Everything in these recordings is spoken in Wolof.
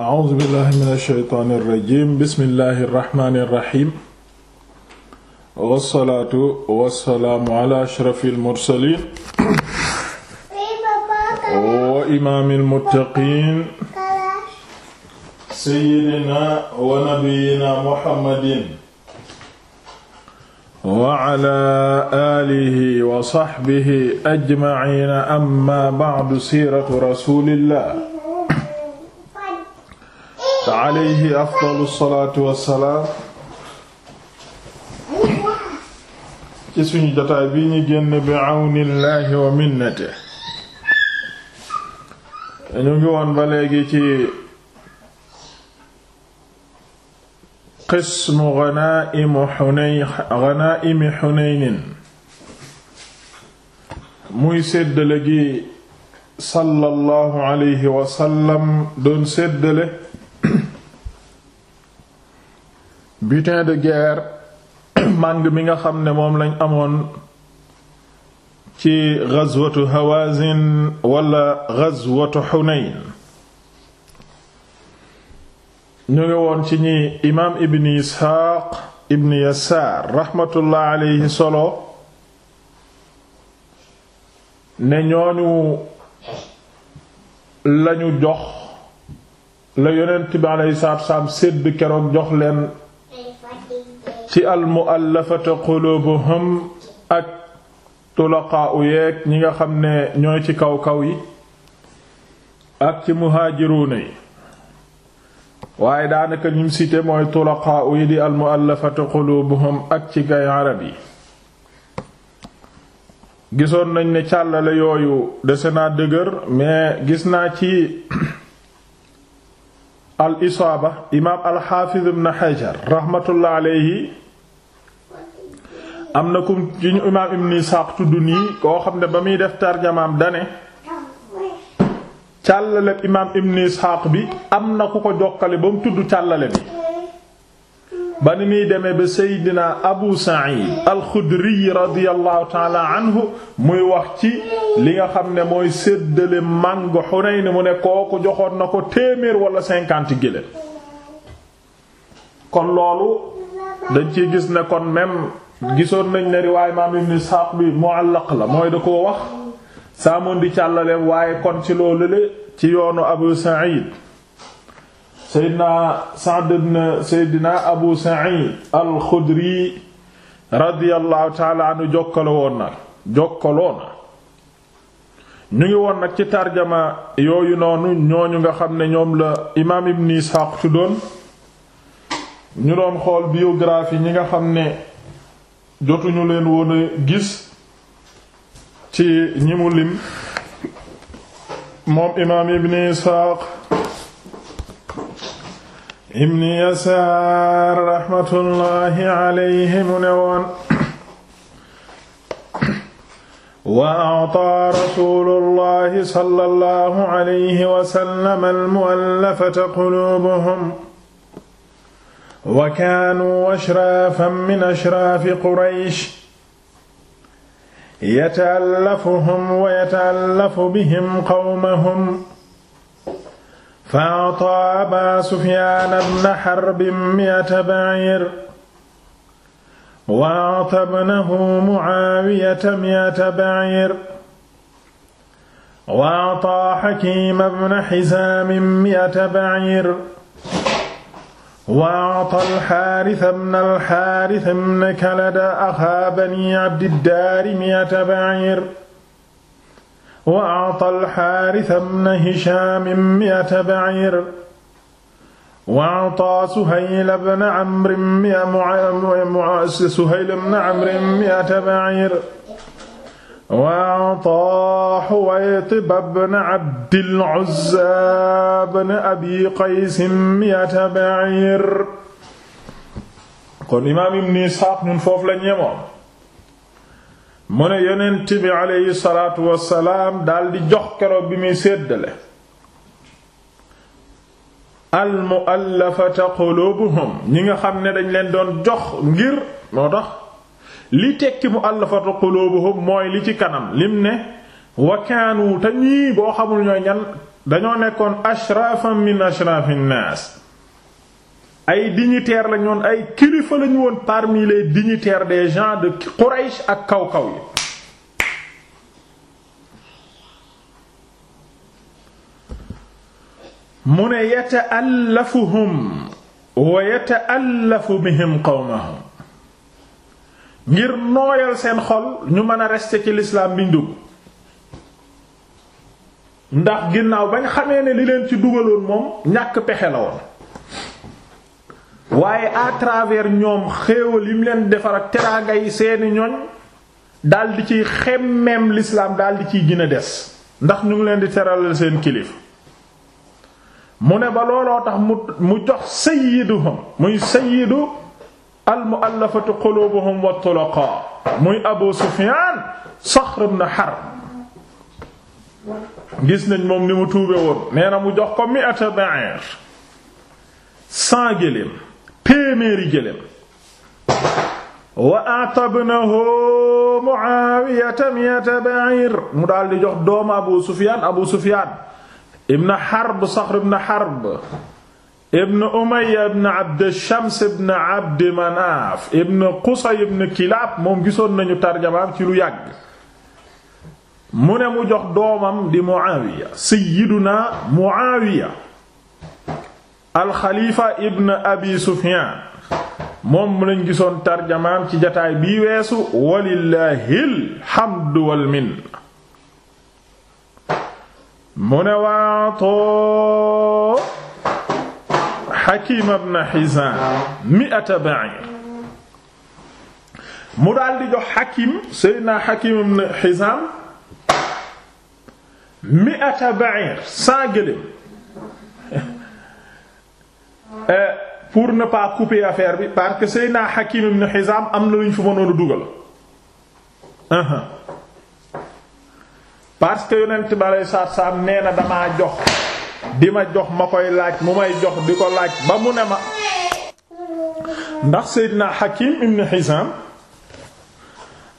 a'uuzu billahi min alsheytaan irrajim bismillahi irrahmani irrahim wassalaatu wassalaamu ala ashrafi almursalin wa imaami almuttaqiin seyyidina wa nabiyina muhammadin wa ala aalihi wa saxbihi ajmaciina amma ba'du siiratu rasulillah alayhi afdalu salaatu wassalaam ci suñu jotaay bi ñu génn bi àwnillaahi wa minnate ñu ngi woon ba léegi ci qismu ghanaa'imi Hunayn ghanaa'imi Hunaynin muy séddale gi sallallahu alayhi wa sallam doon séddale butin de guerre màng mi nga xam ne moom lañ amoon ci ghazwatu hawazin wala ghazwatu hunayn ñu ngi woon ci ñi imaam ibn isxaaq ibn yasaar raxmatullah solo ne ñooñu lañu jox la yonent bi alayhi salaatu salaam sédd keroog jox leen ci almuallafata qulubuhum ak tulaqaa u ñi nga xam ne ñooy ci kaw-kaw yi ak ci muhaajiruuna yi waaye daanaka ñim cité mooy tulaqaa u yi di almuallafata qulubuhum ak ci gay arab yi gisoon nañ ne càllale yooyu dese naa dëgër mais gis naa ci al isaaba imaam alxaafiz ibn Hajar rahmatullah aleyhi am na kum ci ñu imaam ibn Isaaq tudd nii koo xam ne ba muy def tarjamaam dane càllale imaam ibn Isaaq bi am na ku ko jokkale ba mu tudd càllale bi ba ni muy demee ba Seydina Abu Sa'id al-Khudri radiyallahu taala anhu muy wax ci li nga xam ne mooy séddale màngo Hunayn mu ne kooku joxoon na ko téeméer wala cinquante gëléem kon loolu dañ ciy gis ne kon même gisoon nañ ne riwaay imaam Ibn Ishaq bi mu'allaq la mooy da ko wax saamoon di càllale waaye kon ci loolu le ci yoonu Abu Sa'id seydina Sa'd ibn seydina Abu Sa'id al-Khudri radiyallahu taala jokkaloo na ñu ngi woon nag ci tarjama yooyu noonu ñooñu nga xam ne ñoom la imaam ibn Ishaq tuddoon ñu doon xool biographie ñi nga xam ne jotuñu leen woon gis ci ñi mu lim moom imaam ibn Ishaq ibni yasaar raxmatullaahi alayhi mu ne woon wa ataa rasuulullaahi sallallaahu alayhi wa sallam al-mu'allafata quluubuhum wa kaanuu ashraafan min ashraafi quraysh yata'allafuhum wa yata'allafu bihim qawmahum fa ataa abaa sufyaan ibna xarbin mi'ata ba'iir wa ataa ibnahu mu'aawiyata mi'ata ba'iir wa ataa xakiim ibna xisaamin mi'ata ba'iir wa ataa alxaaris ibna alxaaris ibna kalada axaa banii abdiddaari mi'ata ba'iir wa a'ta al-Haaris ibn Hishaam mi'ata ba'iir wa a'ta Suhayl ibn Amr Suhayl ibn Amr mi'ata ba'iir wa a'ta Huwaytib ibn Abdil Uzza ibn Abi Qays mi'ata ba'iir kon imaam Ibn Isxaaq ñun foofu la ñemoon mu ne yonent bi aleyhi salaatu wassalaam daldi jox keroog bi muy séddale almuallafata qulubuhum ñi nga xam ne dañ leen doon jox ngir moo tax li tekki muallafata qulubuhum mooy li ci kanam lim ne wakaanu te ñii boo xamul ñooy ñan dañoo nekkoon ashrafan min ashrafi nnaas ay dignitaires lañoon ay kilifa lañu woon parmi les dignitaires des gens de Quraysh ak kaw-kaw yi mu ne yata'allafuhum wa yata'allafu bihim qawmahum ngir nooyal seen xol ñu mën a rester ci l'islam biñ dugg ndax ginnaaw bañ xamee ne li leen ci dugaloon moom ñàkk pexe la woon waaye à travers ñoom xéewal yi mu leen defar ak teraanga yi seeni ñoñ daldi ciy xemmeem lislaam daldi ciy gën des ndax ñu ngi leen di teralal seen kilifa mu ne ba looloo tax mu mu jox sayyiduhum muy sayyidu al mu'allafatu qulubuhum wa tulaqa muy Abu Sufyan Saxr ibn Harb gis nañ moom ni mu tuube woon nee na mu jox ko mi'ata ba'ir cent gëléem téeméeri gëléem wa atabnahu Muawiyata mi'ata ba'ir mu daldi jox doomu Abu Sufyaan Abu Sufyaan ibn Harb Saxr ibn Harb ibn Umayya ibn Abd Shams ibn Abd Manaaf ibn Qusay ibn Kilaab moom gisoon nañu tarjamaam ci lu yàgg mu ne mu jox doomam di Muawiya sayyiduna Muawiya alxaliifa ibn abi sufiyaan moom mu lañ gisoon tarjamaam ci jataay bii weesu walillahil hamdu wal minna mu ne waatoo xakiim ibn xizaam mi'ata ba'iir mu daldi jox xakiim seydina xakiim ibn xizaam mi'ata ba'iir saa gëléem Euh, pour ne pas couper affaire bi parce que Seydina Hakim ibn Hizam am na luñ ñu fi mënoon a dugal parce que yonent bi aleyhi salaatu salaam nee na damaa jox di ma jox ma koy laaj mu may jox di ko laaj ba mu ne ma ndax Seydina Hakim ibn Hizam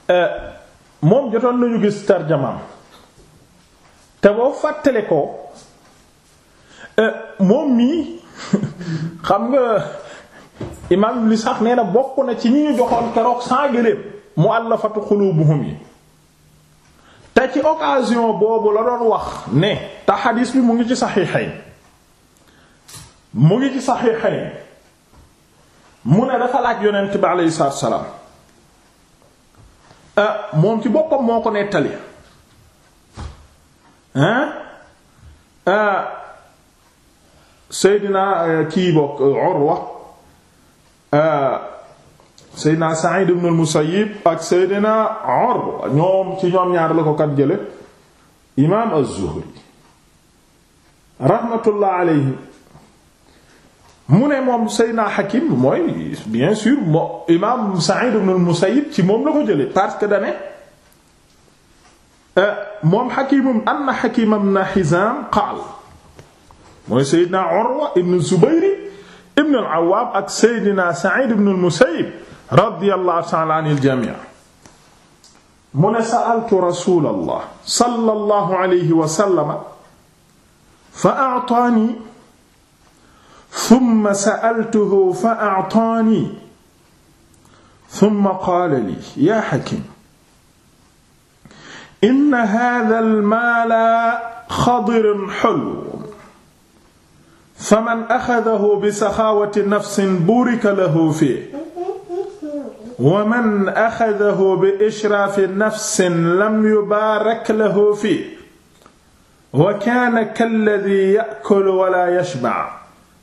euh, moom jotoon nañu gis tarjamaam te boo fàttale ko euh, moom mii xam nga imam li sax nee na bokk na ci ñi ñu joxoon keroog saa gëléem mu'allafatu qulubuhum yi te ci occasion boobu la doon wax ne te xadiis bi mu ngi ci saxiixayn mu ngi ci saxiixayn mu ne dafa laaj yonent bi aleyhi salaam ah, moom ci boppam moo ko nettali hein ah, ah, Seydina eh, kii bokk eh, Urwa eh, Seydina Sa'id ibn al-Musayyib ak Seydina Urwa ñoom ci ñoom ñaar la ko kat jële imaam az-Zuhri rahmatullah alayhi mu ne moom Seydina Hakim mooy bien sûr moo imaam Sa'id ibn al-Musayyib ci moom la ko jële parce que dane moom Hakim anna Hakim ibn Hizam qaala mooy Seydina Urwa ibn Zubayr ibn al-Awwab ak Seydina Sa'id ibn al-Musayyib radiyallahu ta'ala anil jami' mu ne sa'altu rasulallah sallallahu alayhi wa sallam fa a'tani thumma sa'altuhu fa a'tani thumma qaala li ya hakim inna hadha al-mala khadiran hulw faman axadahu bi saxaawati nafsin burika lahu fii wa man axadahu bi ishraafi nafsin lam yubaarak lahu fii wa kaana kalladii ya'kulu wa laa yashba'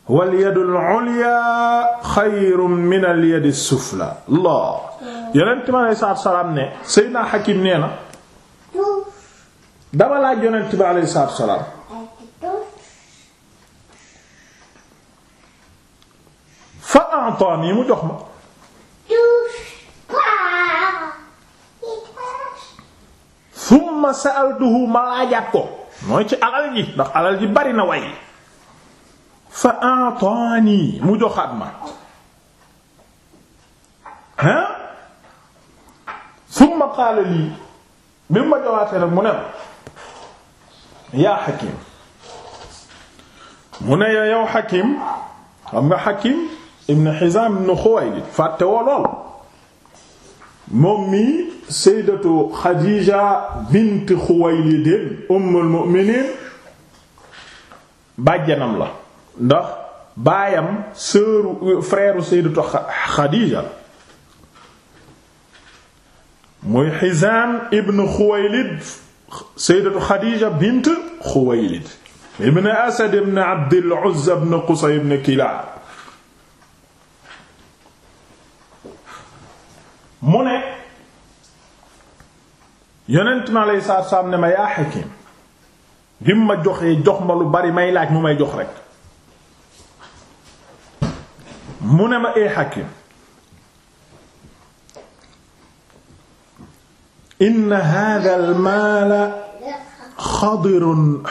wal yadul ulyaa xayrun minal yadi suflaa. Allah Yonent bi alayhi salaatu wa salaam ne Seydina Hakim nee na dama laaj Yonent bi alayhi salaatu wa salaam a'tani yi mu jox ma summa sa'altuhu ma laajaat ko mooy ci alal ji ndax alal ji bari na way fa a'tani mu joxaat ma hein summa qaala lii bi ma joxaatee nag mu ne ma yaa Hakim mu ne yow Hakim xam nga Hakim ibn Hizaam ibn Xuwaylid fàtte woo lool moom mi sayyidatu Xadiija bint Xuwaylid ummul mu'miniin bàjjanam la ndax baayam sœuru frère sayyidatu Xadiija muy Hizaam ibn Xuwaylid sayyidatu Xadiija bint Xuwaylid ibn Asad ibn Abdil Uzza ibn Qusay ibn Kilaab mu ne yonent mi alayhi salaatu salaam yaa Hakim bi mu ma joxee jox ma lu bari may laaj mu may jox rek mu ne ma ee Hakim in hadha al maala xadirun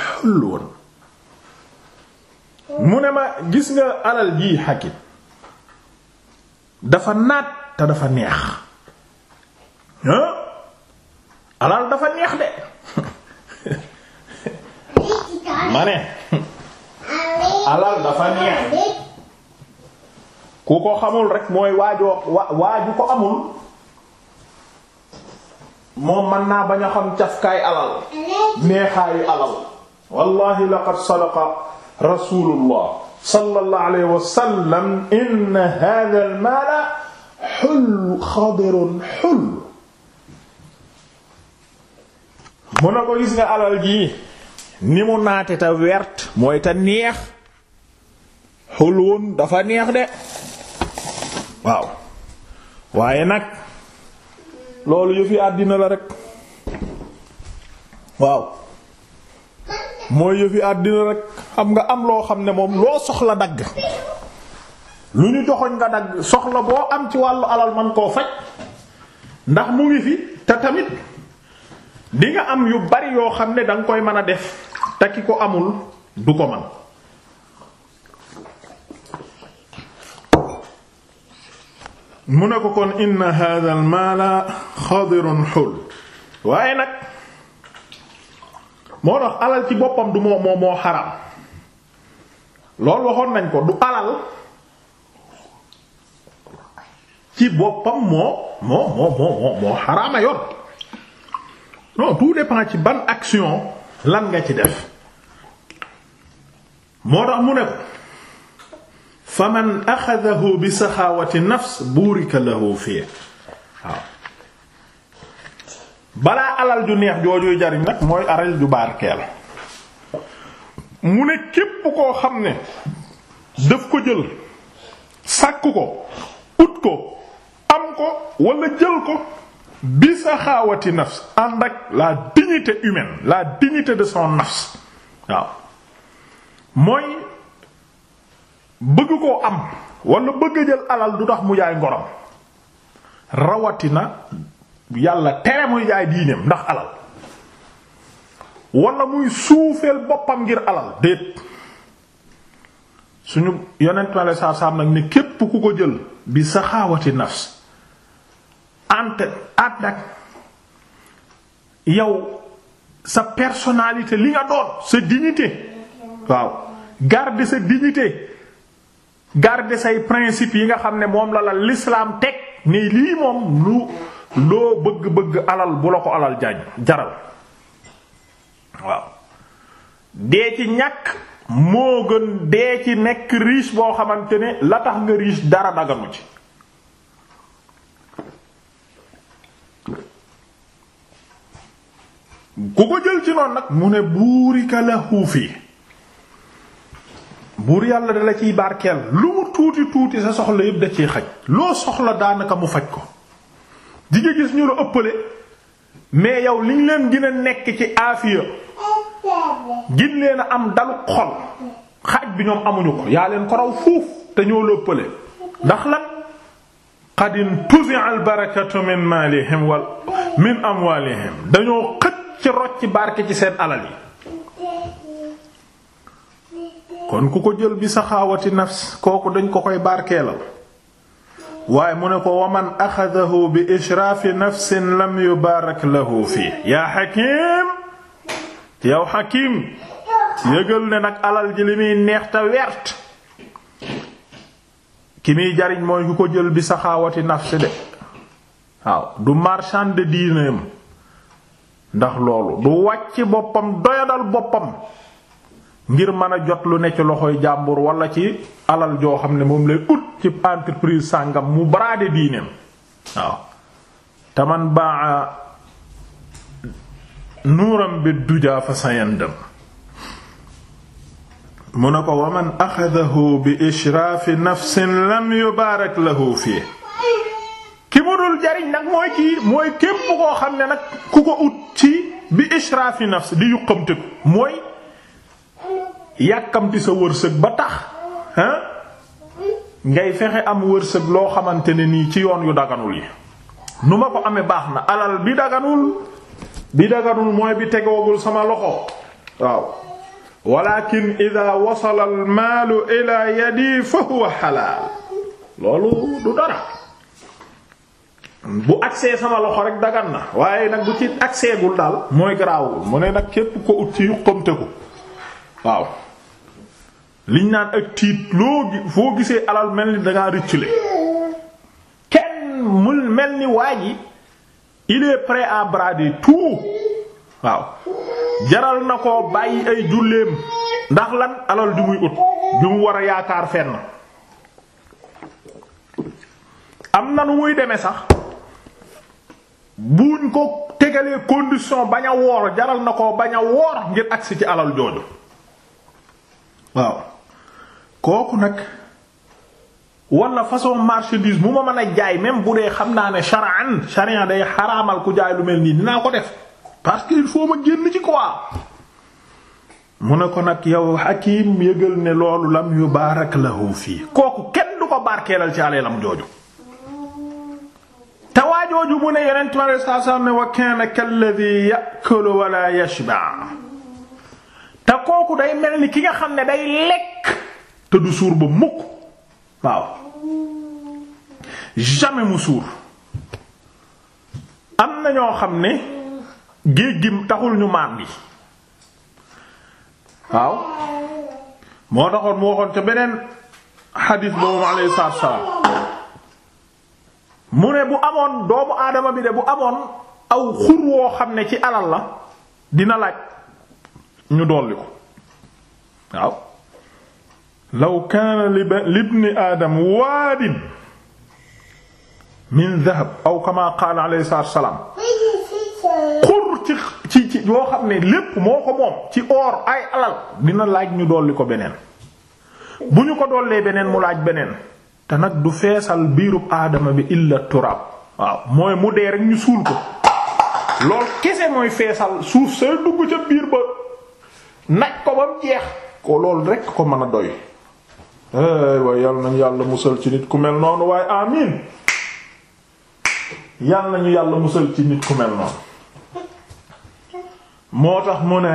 mu ne ma gis nga alal jii Hakim dafa naat te dafa neex alal dafa neex de ma alal dafa neex ku ko xamul rek mooy waajoo waaju ko amul moom mën naa bañ a xam cafkaay alal neexaayu alal wallahi laqad sadaqa rasulullah sallallahu alayhi wa sallam inna hadha al mala xul xadirun mu ne ko gis nga alal jii ni mu naate te wert mooy te neex xulwoon dafa neex de waaw waaye nag loolu yëfi àddina la rek waaw mooy yëfi àddina rek xam nga am loo xam ne moom loo soxla dagg lu ñu joxoñ nga dagg soxla boo am ci wàllu alal man koo faj ndax mu ngi fi te tamit di am yu bari yoo xam ne danga koy mën a def te ki ko amul du ko man mu ne ko kon inna hadha al mala xul waaye nag moo tax alal ci boppam du moo moo moo nañ ko du alal ci boppam moo moo yoon non tout ci ban action lan nga ci def moo tax mu ne ko fa man axadahu bi saxaawati nafs buurika lahu fii waaw balaa alal ju neex joojuy jariñ nag mooy alal ju barkeel mu ne képp koo xam ne daf ko jël sàkk ko ut ko am ko wala jël ko bi saxaawati nafs ànd ak la dignité humaine la dignité de son nafs waaw mooy bëgg koo am wala bëgg jël alal du tax mu jaay ngorom rawatina yàlla tere muy jaay diineem ndax alal wala muy suufeel boppam ngir alal déet suñu yonent ma la saab saab nag ne képp ku ko jël bi saxaawati nafs entre at ak yow sa personnalité li nga doon sa dignité waaw garder sa dignité garder say principes yi nga xam ne moom la la l'islam teg ne lii moom lu loo bëgg-bëgg alal bu la ko alal jañ jaral waaw dee ci ñàkk moo gën dee ci nekk riche boo xamante ne la tax nga riche dara daganu ci ku ko jël ci noonu nag mu ne buurika lahu fi buur yàlla de la ciy barkeel lu mu tuuti tuuti sa soxla yëpp da ciy xaj loo soxla daanaka mu faj ko di nga gis ñu la ëppale mais yow liñ leen gën nekk ci aafiya gin leen a am dalu xol xaaj bi ñoom amuñu ko yaa leen ko raw fuuf te ñoo la ëppale ndax lan qad intuzi'a al barakatu min maalihim wal min amwaalihim dañoo xët ci rocc barke ci seen alal yi kon ku ko jël bi saxawati nafs kooku dañ ko koy barkeelal waaye mu ne ko waman axadahu bi ishraafi nafsin lam yubaarak lahu fii yaa xakim yëgal ne nag alal ji li muy neex wert ki muy jariñ mooy ku ko jël bi saxawati nafsi de waaw du marchand de ndax loolu du wàcc boppam doyadal boppam ngir mën a jot lu ne ci loxoy jàmbur walla ci alal joo xam ne moom lay ut ci entreprise sàngam mu baraade diineem waaw man baa nuuram bi dujaa fa sayandam mu ne ko waman axadahu bi israafi nafsin lam yubaarak lahu fii kii mooy képp koo xam ne nag ku ko ut ci bi israfi nafs di yuqamte ko mooy yàkkamti sa wërsëg ba tax ngay fexe am wërsëg loo xamante ne nii ci yoon yu daganul yi nu ma ko amee baax na alal bi daganul bi daganul mooy bi tegoogul sama loxo waaw walakin ida wasala al maalu yadi fa huwa xalaal loolu du dara bu agsee sama loxo rek dagan na waaye nag bu ci agseegul daal mooy garaawul mu ne nag képp ko ut ci yuqamte ko waaw liñ naan ak tiit loo foo gisee alal mel ni dangaa rëccule kenn mul mel ni waa ji il est prêt à brader tout waaw jaral na ko bàyyi ay julleem ndax lan alal ju muy ut ju mu war a yaakaar fenn am na lu muy demee sax buñ ko tegalee condition bañ a woor jaral na ko bañ a woor ngir agsi ci alal jooju waaw kooku nag wala façon marchandise bu ma mën a jaay même bu dee xam naa ne charan charia day xaraamal ku jaay lu mel nii dinaa ko def parce que il faut ma génn ci quoi mu ne ko nag yow hakim yëgal ne loolu lam yu baarak lahu fii kooku kenn du ko barkeelal ci aleelam jooju te waajooju mu ne yonent mi alayhi salaatu salaam ne wa kaana kalladhi ya'kulu wa laa yashba' te kooku day mel ni ki nga xam ne day lekk te du suur ba mukk waaw jamais mu suur am na ñoo xam ne géej gi taxul ñu maan gi waaw moo taxoon mu waxoon ca beneen xadiis boobu alayhi salaatu salaam mu ne bu amoon doomu aadama bi de bu amoon aw xur woo xam ne ci alal la dina laaj ñu dolli ko waaw law kaana libni aadam waadin min dahab aw kama qaala alayhi salaatu xur ci ci ci xam ne lépp moo ko moom ci or ay alal dina laaj ñu dolli ko beneen bu ñu ko dollee beneen mu laaj beneen te nag du feesal biirub aadama bi illa turaab waaw mooy mu dee rek ñu suul ko lool kese mooy feesal suuf sa dugg ca biir ba nag ko ba mu jeex ko lool rek ko mën a doy waaye yàlla nañu yàlla musal ci nit ku mel noonu waaye amin yàlla nañu yàlla musal ci nit ku mel noonu moo tax mu ne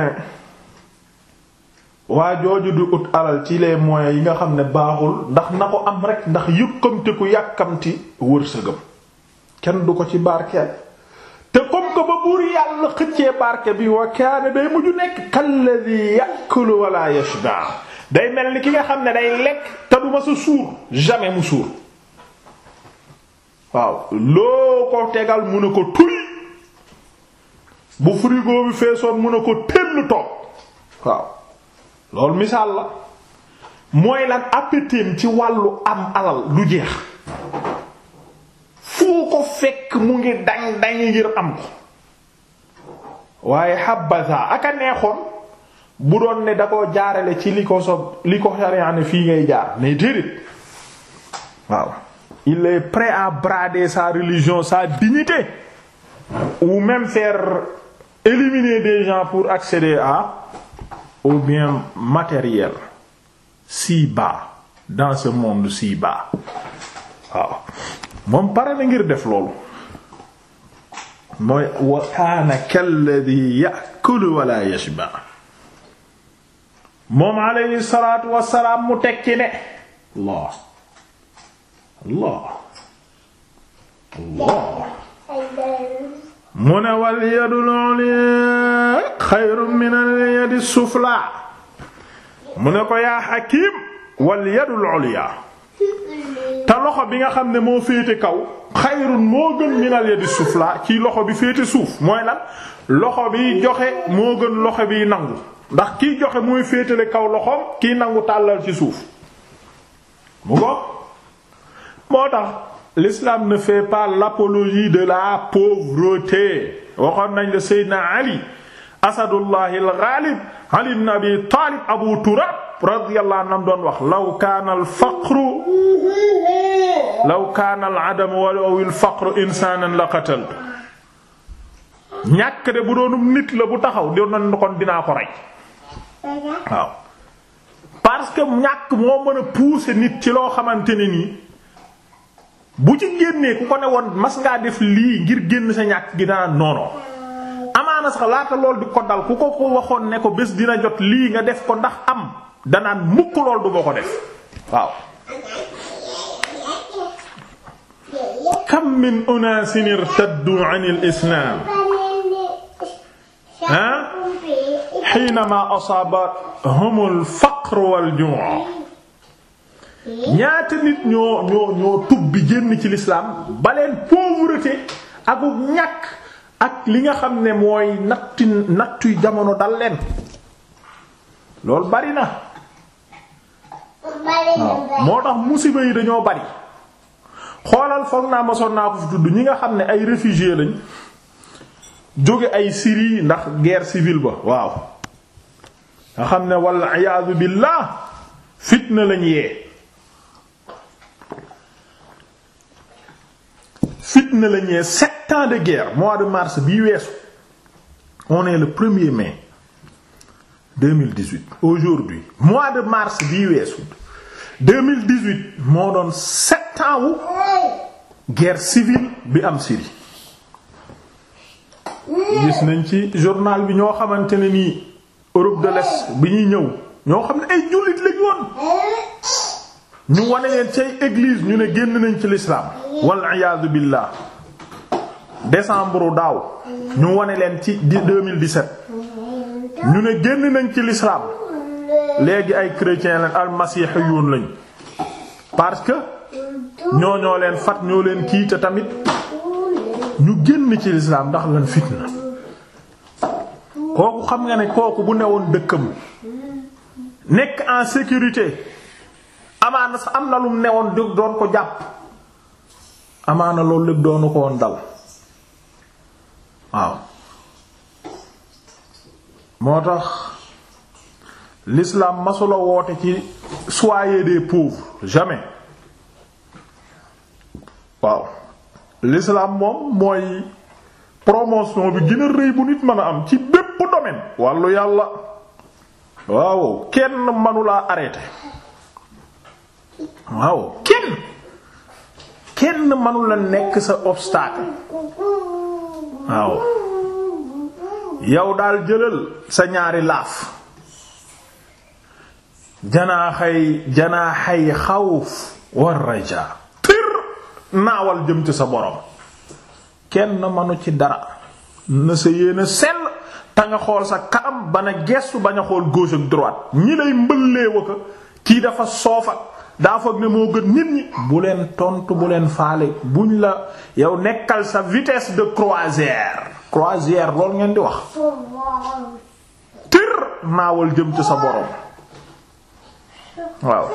waa jooju du ut alal ci les moyens yi nga xam ne baaxul ndax na ko am rek ndax yëkkamti ku yàkkamti wërsëgam kenn du ko ci barkeel te comme que ba buur yàlla xëccee barke bi wa kaana day mujju nekk kalladhi ya'kulu wala yashba day mel ni ki nga xam ne day lekk te du ma sa suur jamais mu suur waaw loo ko tegal mu ne ko tuy bu frigo bi feesoon mu ne ko tëll toog waaw lool misaal la mooy lan appétit ci wàllu am alal du jeex foo ko fekk mu ngi dañ dañ ngir am ko waaye habasa aka neexoon bu doon ne da ko jaarale ci li ko so li ko sariyaane fii ngay jaar mais déedéet waaw il est prêt à brader sa religion sa dignité ou même faire éliminer des gens pour accéder à aux biens matériels ci-bas dans ce monde ci-bas moom pare na ngir def loolu mooy wa kaana kalladhi ya'kulu wa la yashba moom mu tekki ne Allah Allah Allah mu ne wal yadul ulya xayrun min yadi sufla mu ne ko yaa xakim wal yadul ulya te loxo bi nga xam ne moo féete kaw xayrun moo gën min yadi sufla ci loxo bi féete suuf mooy lan loxo bi joxe moo gën loxo bi nangu ndax kiy joxe muy féetale kaw loxo kiy nangu tàllal ci suuf mu ko moo tax l'islam ne fait pas l'apologie de la pauvreté waxoon nañ la Seydina Ali asadullahi al Ali ibn Abi Abu Turab radiyallahu anhu doon wax law kaana al-faqru law kaana al-adamu walaw al-faqru la qatal ñàkk de bu doonum nit la bu taxaw doon nañ ko rey waaw parce que ñàkk moo mën a pousser nit ci loo xamante ne nii bu ci génnee ku ko ne woon mas ngaa def lii ngir génn sa ñàkk gi dana noonoo amaana sax laata lool di ko dal ku ko ko waxoon ne ko bés dina jot lii nga def ko ndax am danaan mukk lool du boo ko def waaw kam min unaasin irtaddu an al-islaam ha hiinamaa asaabahum al-faqr wal-juu' ñaata nit ñoo ñoo tub bi génn ci lislaam baleen pauvreté akuk ñàkk ak li nga xam ne mooy nattu nattuy jamono dal leen loolu bari na moo tax musiba yi dañoo bari xoolal foog naa masoon naa ko tudd ñi nga xam ne ay réfugiés lañ jóge ay Syrie ndax guerre civile ba waaw nga xam ne walla iyaadu billaah fitna lañ yee fitna la ñee sept ans de guerre mois de mars bii weesu on est le premier mai 2018 aujourd'hui mois de mars bii weesu 2018 moo doon sept ans wu guerre civile bi am Syrie gis nañ ci journal bi ñoo xamante ne nii Europe de l'Est bi ñuy ñëw ñoo xam ne ay jullit lañ woon ñu wane leen cay église ñu ne génn nañ ci lislaam wal iyaadu billah décembre daaw ñu wane leen ci 2017 ñu ne génn nañ ci lislaam léegi ay chrétien leen almasihiyuun lañ parce que ñoo ñoo leen fat ñoo leen kii te tamit ñu génn ci lislaam ndax lan fitna kooku xam nga ne kooku bu newoon dëkkam nekk en sécurité amaana sax am na lum newoon jóg doon ko jàpp amaana loolu lépp doonu ko woon dal waaw moo tax lislaam masula woote ci soyez des pauvres jamais waaw l'islam moom mooy promotion bi gën rëy bu nit mën a am ci bépp domaine wàllu yàlla waaw kenn mënulaa arrêté waaw kenn kenn mënu la nekk sa obstacle waaw yow daal jëlal sa ñaari laaf janaaxay janaaxay xawf war rajaa tir naawal jëm ci sa borom kenn mënu ci dara na sa yéena sell te xool sa kanam bana gestu ba a xool gauche ak droite ñi lay mbëlleewa ko kii dafa soofa daa foog ne moo gën nit ñi bu leen tontu bu leen faale buñ la yow nekkal sa vitesse de croisière croisière loolu ngeen di wax tir naawal jëm ci sa borom waaw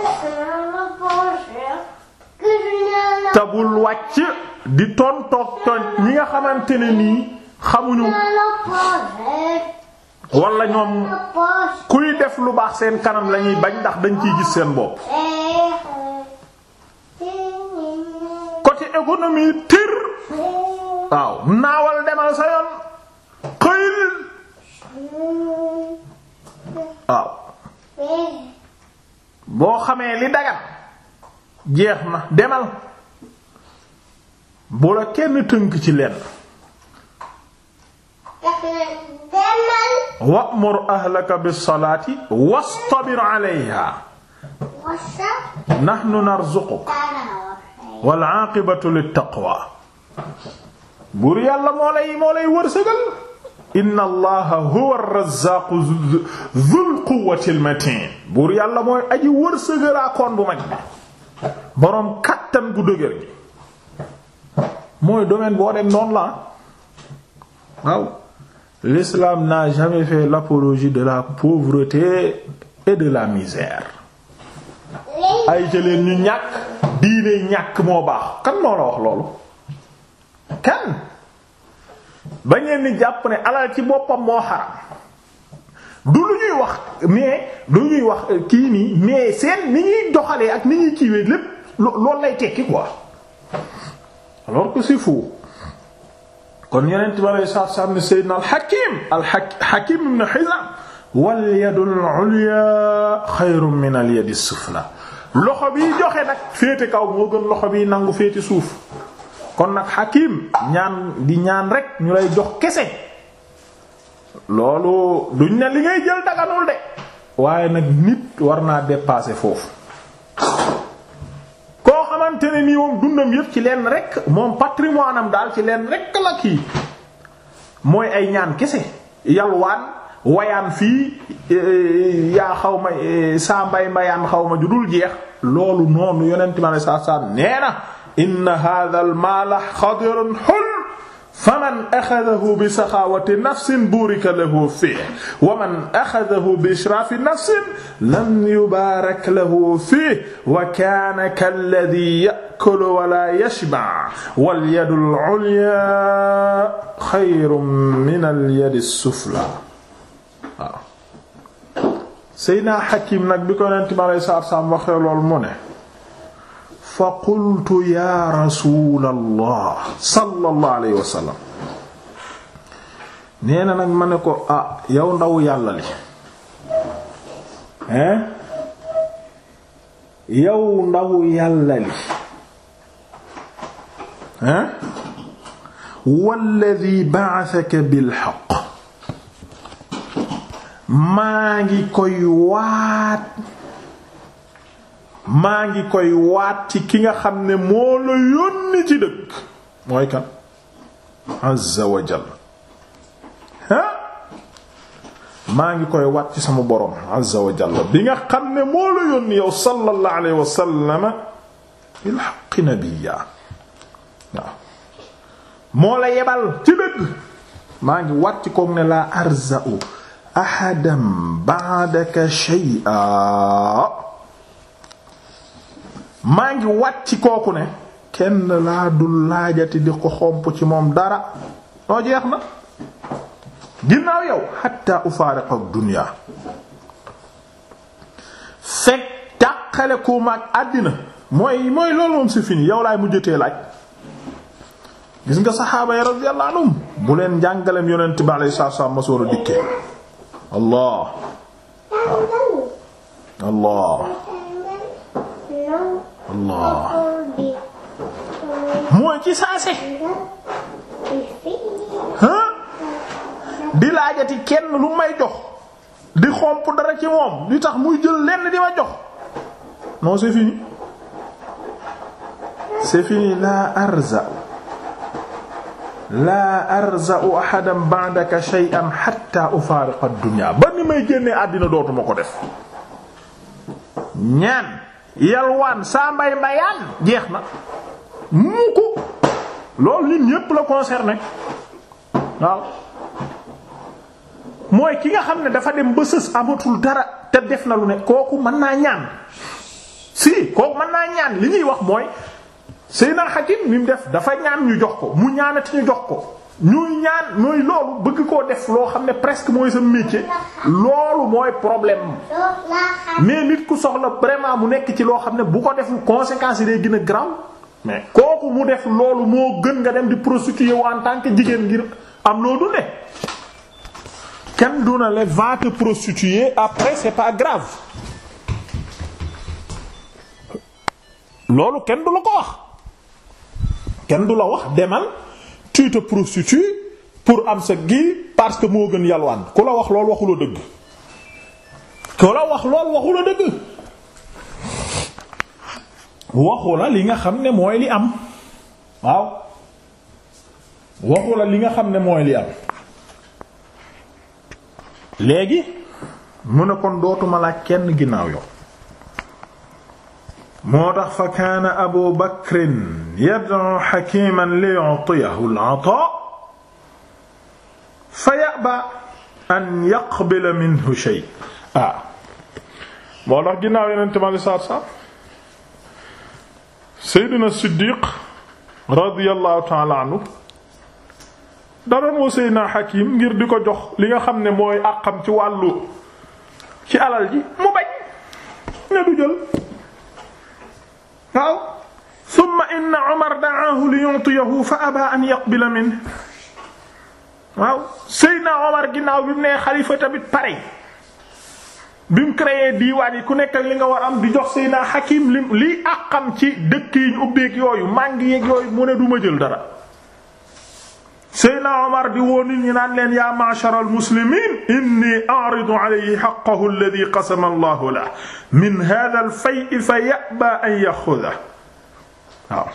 te wàcc di tontoog ton ñi nga xamante ne nii xamuñu wala ñoom kuy def lu baax seen kanam lañuy bañ ndax dañ ciy gis seen bopp côté économie tir waaw naawal demal sa yoon xëyil waaw boo xamee li dagat jeex na demal bu kenn tënk ci lenn wa'mur ahlaka bis-salaati wastabir 'alayhaa nahnu narzuquka wal 'aaqibatu lit-taqwaa buur yàlla moo lay moo lay wërsëgal inna allaha huwa ar-razzaaqu dhul quwwati al-matiin buur yàlla mooy aji wërsëgalaakoon bu mag bi boroom kattan gu dëgër gi mooy domaine boo dem noonu la waaw l'islam n'a jamais fait l'apologie de la pauvreté et de la misère ay jëleen ñu ñàkk diine ñàkk moo baax kan moo la wax loolu kan ba ngeen ni jàpp ne alal ci boppam moo xaram du lu ñuy wax mais du ñuy wax kii nii mais seen ni ñuy doxalee ak ni ñuy kiiwee lépp loolu lay tekki quoi alors que c'est faux kon yeneen bi alei saatu salaam ne Seydina al-Hakim al-Hakim wal yadul ulya xayrun min al yadi loxo bi joxe nag féete kaw moo gën loxo bi nangu féete suuf kon nag Hakim ñaan di ñaan rek ñu lay jox kese loolu duñ ne li ngay jël daganul de waaye nag nit war naa dépasser foofu xamante ne nii moom dundam yëpp ci leen rek moom patrimoine am daal ci leen rek la kii mooy ay ñaan kese yalwaan wayaan fii eh, yaa xaw eh, saa mbay mbayaan xaw ma ju dul jeex loolu noonu yonent ma ne saa saa nee na inna hadha al mala xadirun faman axadahu bi saxaawati nafsin burika lahu fiihi wa man axadahu bi israafi nafsin lam yubaarak lahu fiihi wa kaana kalladii ya'kulu wa laa yashba'u wal yadul ulyaa xayrun minal yadis suflaa waaw Seydina Hakim nag bi ko Yonent bi alayhi salaatu wa salaam waxee lool mu ne fa qultu ya rasulallah sallallahu alayhi wa sallam nee na nag ma ne ko ah yow ndaw yàlla li hein yow ndaw yàlla li hein walladi ba'athaka bil haqq maa ngi koy waat maa ngi koy waat ci ki nga xam ne moo la yónni ci dëkk mooy kan azza wa jalla ah maa ngi koy waat ci sama borom azza wa jalla bi nga xam ne moo la yónni yow sallallahu alayhi wa sallama bil haqqi nabiyya waaw moo la yebal ci dëgg maa ngi waat ci koog ne laa arza'u ahadan ba'daka shay'a maa ngi wat ci kooku ne kenn laa dul laajati di ko xomp ci moom dara noo jeex na ginnaaw yow hatta ufaariqa dunya fekk tàqale ku àddina mooy mooy loolu moom si fini yow laay mujjatee laaj gis nga saxaaba yi radiyallahu bu leen njàngaleem yonent bi alayhi allah allah allah mooy ci saase di laajati kenn lu may jox di xomp dara ci moom li tax muy jël lenn di ma jox non c'est fini c'est fini la arza la arza ahadan ba'daka shay'an hatta ufariqa ad-dunya ba may génne àddina dootuma ko def ñaan yalwaan saa mbay mbayaan jeex na mu ko loolu nit ñépp la concerné waaw mooy ki nga xam ne dafa dem ba sës amatul dara te def na lu ne kooku mën naa ñaan si kooku man naa ñaan li ñuy wax mooy Seydina Hakim mi mu def dafa ñaan ñu jox ko mu ñaanati ñu jox ko ñuy ñaan mooy loolu bëgg koo def loo xam ne presque mooy sa métier loolu mooy problème mais nit ku soxla vraiment mu nekk ci loo xam ne bu ko deful conséquence yi day gën graw mais kooku mu def loolu moo gën nga dem di prostituer wu en tant que jigéen ngir am du dunde kenn du na le va te prostituer après c'est pas grave loolu kenn du la ko wax kenn du la wax demal. tu te prostitues pour am sa gi parce que moo gën yalwaan ku la wax lool waxula dëgg ku la wax lool waxula dëgg waxu li nga xam ne mooy li am waaw waxu li nga xam ne mooy li am léegi mu ne kon dootuma laa kenn ginnaaw yow moo tax fa kaana Abu Bakrin yad'u hakiman li yu'tiyahu al-'ata fa ya'ba an yaqbila minhu shay ah moo tax ginnaaw yeneen tamit saab saab Seydina Siddiq radiyallahu ta'ala anhu da doon woo Seydina Hakim ngir di ko jox li nga xam ne mooy àqam ci wàllu ci alal ji mu bañ ne du jël waaw inna Umar da'aahu li yu'tiyahu fa abaa an yaqbila minhu waaw Seydina Omar ginnaaw bi mu nee xalifa tamit pare bi mu créé diiwaan yi ku nekk li nga war am di jox Seydina Hakim li lii àqam ci dëkk yi ñu ubbeeg yooyu màng yeeg yooyu mu ne du ma jël dara. Seydina Omar di woo nit ñi naan leen yaa ma'sharal muslimiin inni a'ridu alayhi haqqahu alladhi qasama Allahu lahu min hadha al-fay'i fa ya'ba an ya'khudhahu waaw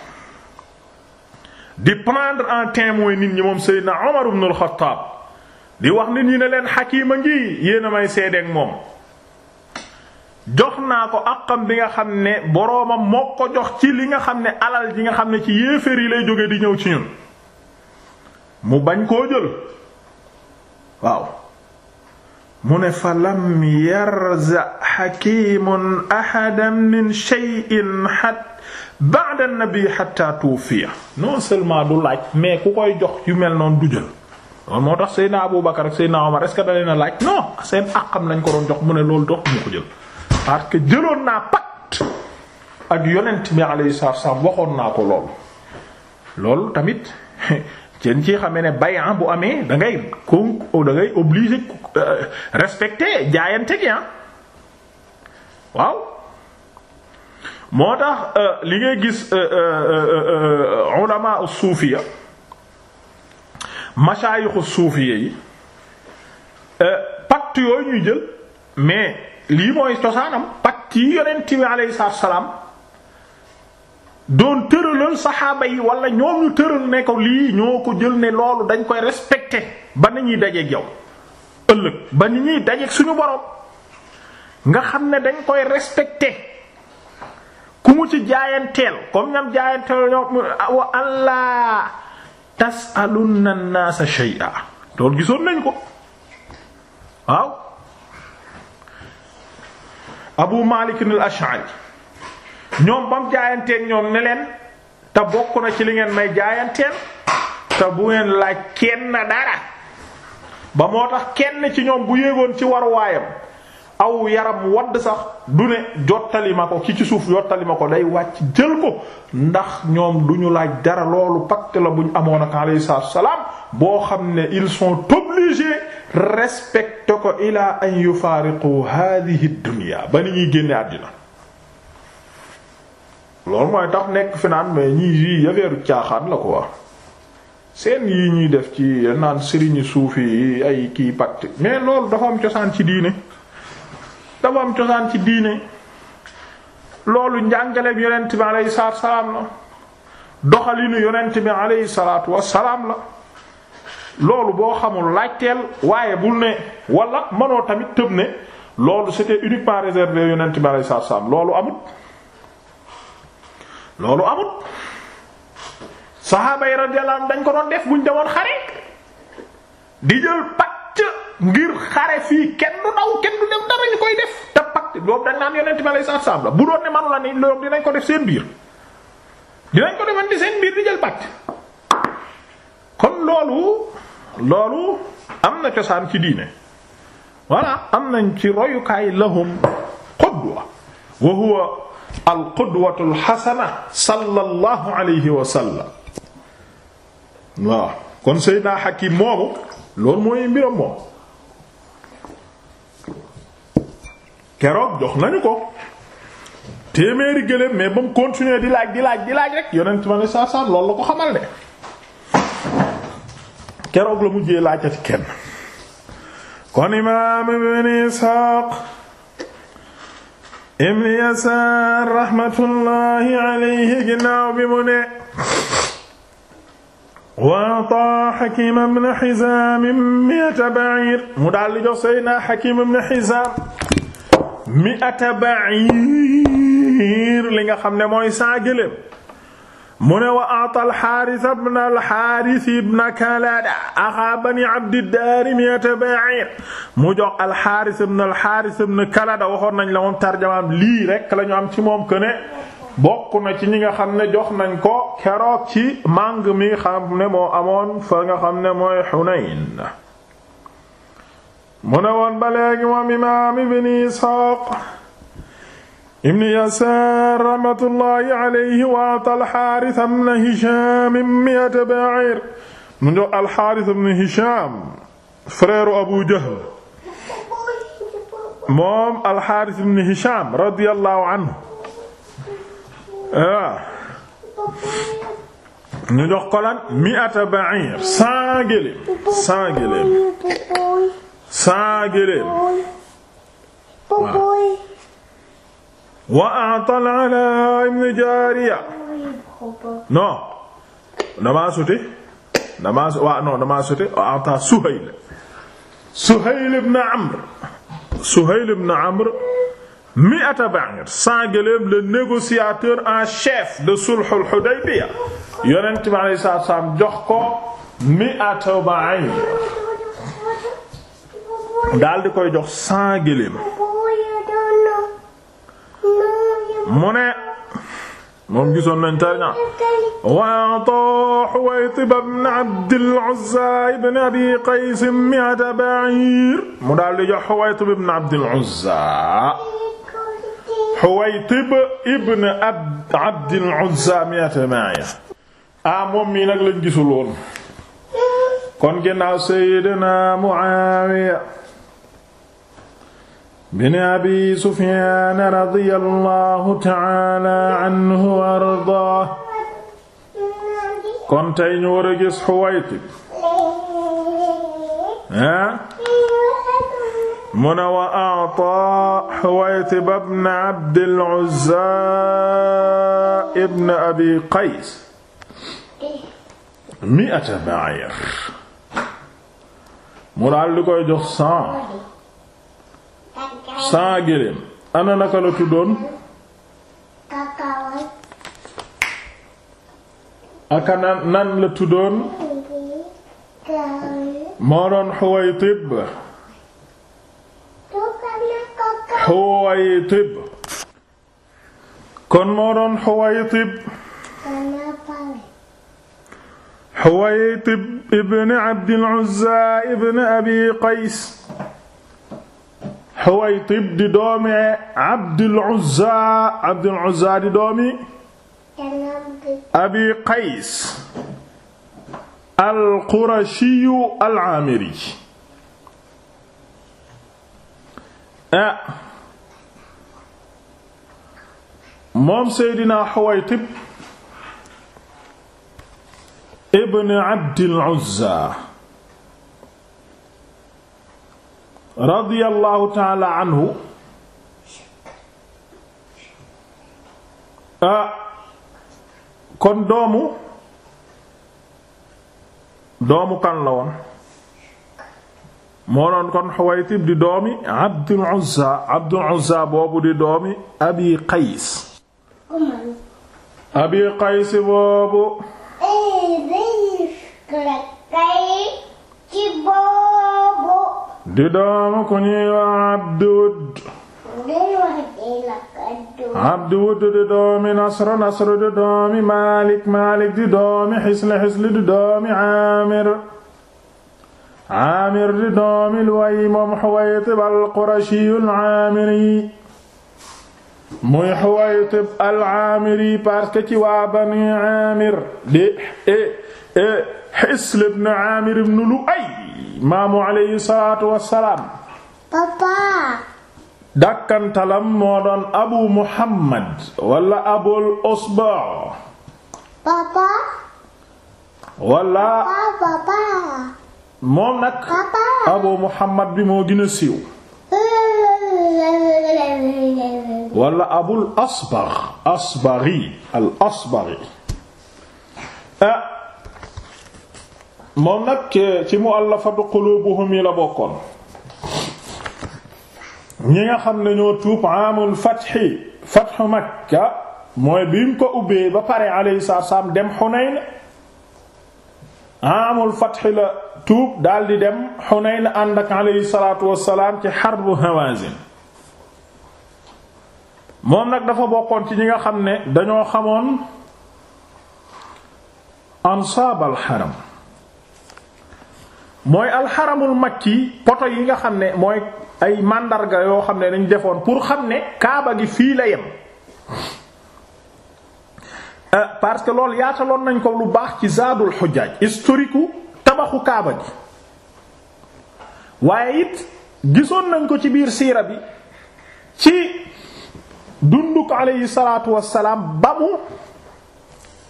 di prendre en témoin nit ñi moom Seydina Omar ibn al di wax nit ñi ne leen xakiima ngi yéen a may seedeek moom jox naa ko àqam bi nga xam ne boroomam moo ko jox ci li nga xam ne alal ji nga xam ne ci yéeféer yi lay jóge di ñëw ci ñun mu bañ koo jël waaw mu ne fa lam yarza xakimun ahadan min shay'in hatta na nabi hatta tufiya non seulement du laaj mais ku koy jox yu mel noonu du jël loolu moo tax Seydina Abu Bakar ak Seydina Omar est-ce que da a laaj non seen àqam lañ ko doon jox mu ne loolu dox mu ko jël parce que jëloon naa pacte ak yonent bi alayhi salaam waxoon naa ko loolu loolu tamit seen ci xamee ne bayan ah, bu amee da ngay dangay oh, da ngay euh, jaayante ki ah waaw moo tax euh, li ngay gis euh, euh, ulama suufiya mashayixu suufiya yi pacte yooyu ñuy jël mais lii mooy cosaanam pacte yi yonent bi alayhi salaam doon tëralal saxaaba yi wala ñoom ñu tëral ne ko lii ñoo ko jël ne loolu dañ koy respecté ba ni ñuy dajeeg yow ëllëg ba ni ñuy dajeeg suñu borom nga xam ne dañ koy respecté ku mu ci jaayanteel comme ñam jaayanteel ñoom ah, wa allah tasalunna an-naasa shay'a loolu gisoon nañ ko waaw abu malik al-ash'ari ñoom bam jaayanteel ñoom ne leen te bokk na ci li ngeen may jaayanteel te bu ngeen laaj kenn dara ba moo tax kenn ci ñoom bu yéegoon ci war waayam aw yaram wadd sax du ne jottali ma ko ki ci suuf jottali ma ko day wàcc jël ko ndax ñoom duñu laaj dara loolu pacte la buñ amoon ak alayhi salaam boo xam ne ils sont obligés respecter ko ila an yufariqu hadhihi dunya ba ni ñuy génne àddina loolu mooy tax nekk fi naan mais ñii yi yaveeru caaxaan la ko wax seen yi ñuy def ci naan sëriñi suufi ay kii pacte mais loolu dafa am cosaan ci diine dafa am cosaan ci diine loolu njàngaleem yonent bi alayhi salaatu salaam la doxalinu yonent bi alayhi salaatu wassalaam la loolu boo xamul laajteel waaye bul ne walla manoo tamit tëb ne loolu c'était uniquement réservé yonent bi alayhi salaam loolu amut loolu amut saxaaba yi radiyallahu anhum dañ ko doon def buñ demoon xare di jël pak ngir xare fii kenn du daw kenn du dem dara ñu koy def te pacte boobu dañ naan yonent bi alayhi salaatu salaam bu doon ne manu la ni loolu dinañ ko def seen biir dinañ ko defandi seen biir di jël kon loolu loolu am na cosaan ci diine voilà am nañ ci royukaay lahum qudwa wa huwa al qudwatu al xasana sallallahu alayhi wa sallam waaw kon Seydina Hakim moomu loolu mooy mbiram moom keroog jox nañu ko téeméeri gëléem mais ba mu continuer di laaj di laaj di laaj rek yonent ma ne saa saa loolu la ko xamal de keroog la mujjee laajati kenn kon imaam ibn Isxaaq ibn Yasaar raxmatullaahi alayhi ginnaaw bi mu ne waataa Xakiim ibn Xizaam mi'ata ba'iir mu daal di jox Seydina Xakiim ibn Xizaam mi'ata ba'iir li nga xam ne mooy saa gëléem mu ne wa a'ta al-Haaris ibn Kalada axaa bani Abdiddaar mi'ata ba'iir mu jox al-Haaris ibn al ibn Kalada waxoon nañ la moom tarjamaam lii rek lañu am ci moom que bokk na ci ñi nga xam ne jox nañ ko keroog ci màng mi xam ne moo amoon fa nga xam ne mooy Hunayn mu ne woon ba léegi moom imaam ibn Isxaaq ibn Yasaar rahmatullahi alayhi wa ata al-Haaris ibn Hishaam mi'ata ba'iir mu jox al-Haaris ibn Hishaam frère Abu Jahl moom al-Haaris ibn Hishaam radiyallahu anhu waaw ah, ñu jox ko lan mi'ata ba'iir cent gëléem cent gëléem cent géléem wa a'tal ala ibn jaariya non damaa sute damaa waaw non damaa sute wa a'ta suhayl suhayl ibn amr suhayl ibn amr mi'ata ba'ir cent géléem le négociateur en chef de sulhul hudaybiya yonent bi alayhi salaam jox ko mi'ata ba'ir daal di koy jox cent gëléem mu ne moom gisoon nañ tari na waata Huwaytib ibn Abdil Uzza ibn Abi Qays mi'ata ba'ir mu daal di jox Huwaytib ibn Abdil Uzza Huwaytib ibn Abdil Uzza mi'ata ba'ir a ah, moom mii nag lañ gisuloon kon ginnaaw Sayyidina Muawiya bin abi sufyan radiyallahu taala anhu wa ardaa kon tey ñu war a gis Xuwaytib ah mu ne wa a'taa Xuwaytib ibn Abdil Uzza ibn abi Qays mi'ata ba'iir mu daal di koy jox sans géléem ana naka la tuddoon aka nan nan la tuddoon moo doon Xuwaytib Xuwaytib kon moo doon Xuwaytib Xuwaytib ibn Abdil Uzza ibn Abi Qays Huwaytib di doomi Abdul Uzza Abdul Uzza di doomi Abi Qays al-Qurashi al-Amiri ah moom Seydina Huwaytib ibn Abdul Uzza radiyallahu taala anhu ah kon doomu doomu kan la woon moo doon kon Xuwaytib di doomi Abdul Uzza Abdul Uzza boobu di doomi Abi Qays Abi Qays boobu di doomu ku ñuy wax Abduwud Abduwud di doomi Nasr Nasr di doomi Maalik Maalik di doomi Hisl Hisl di doomi Aamir di doomi Luway moom Huwaytib al-Qurashi al-Aamiri muy waa Bani Aamir di e, e, Hisl ibn Amir ibn Lu'ay maamu alayhi salaatu wassalaam papa dàkkantalam moo doon Abu Muhammad wala Abul Usba papa wala papa moom nag Abu Muhammad bi moo gën a siiw wala Abul Asbar Asbari al Asbari ah eh, moom nag ci muallafatu qulubuhum yi la bokkoon ñi nga xam ne ñoo tuub amul fathi fathu makka mooy bi mu ko ubbee ba pare alayhi salaam dem Hunayn amul fathi la tuub daldi dem Hunayn ànd ak alayhi salaatu ci harbu Hawazin moom nag dafa bokkoon ci ñi nga xam ne dañoo xamoon ansaabal haram mooy alxaramul ci poto yi nga xam ne mooy ay màndarga yoo xam ne dañ defoon pour xam ne kaaba gi fii la yem euh, parce que loolu yaataloon nañ ko lu baax ci zaadul xujjaaj historique tabaxu kaaba gi waaye it gisoon nañ ko ci biir siira bi ci dunduk aleyhi salaatu wassalaam ba mu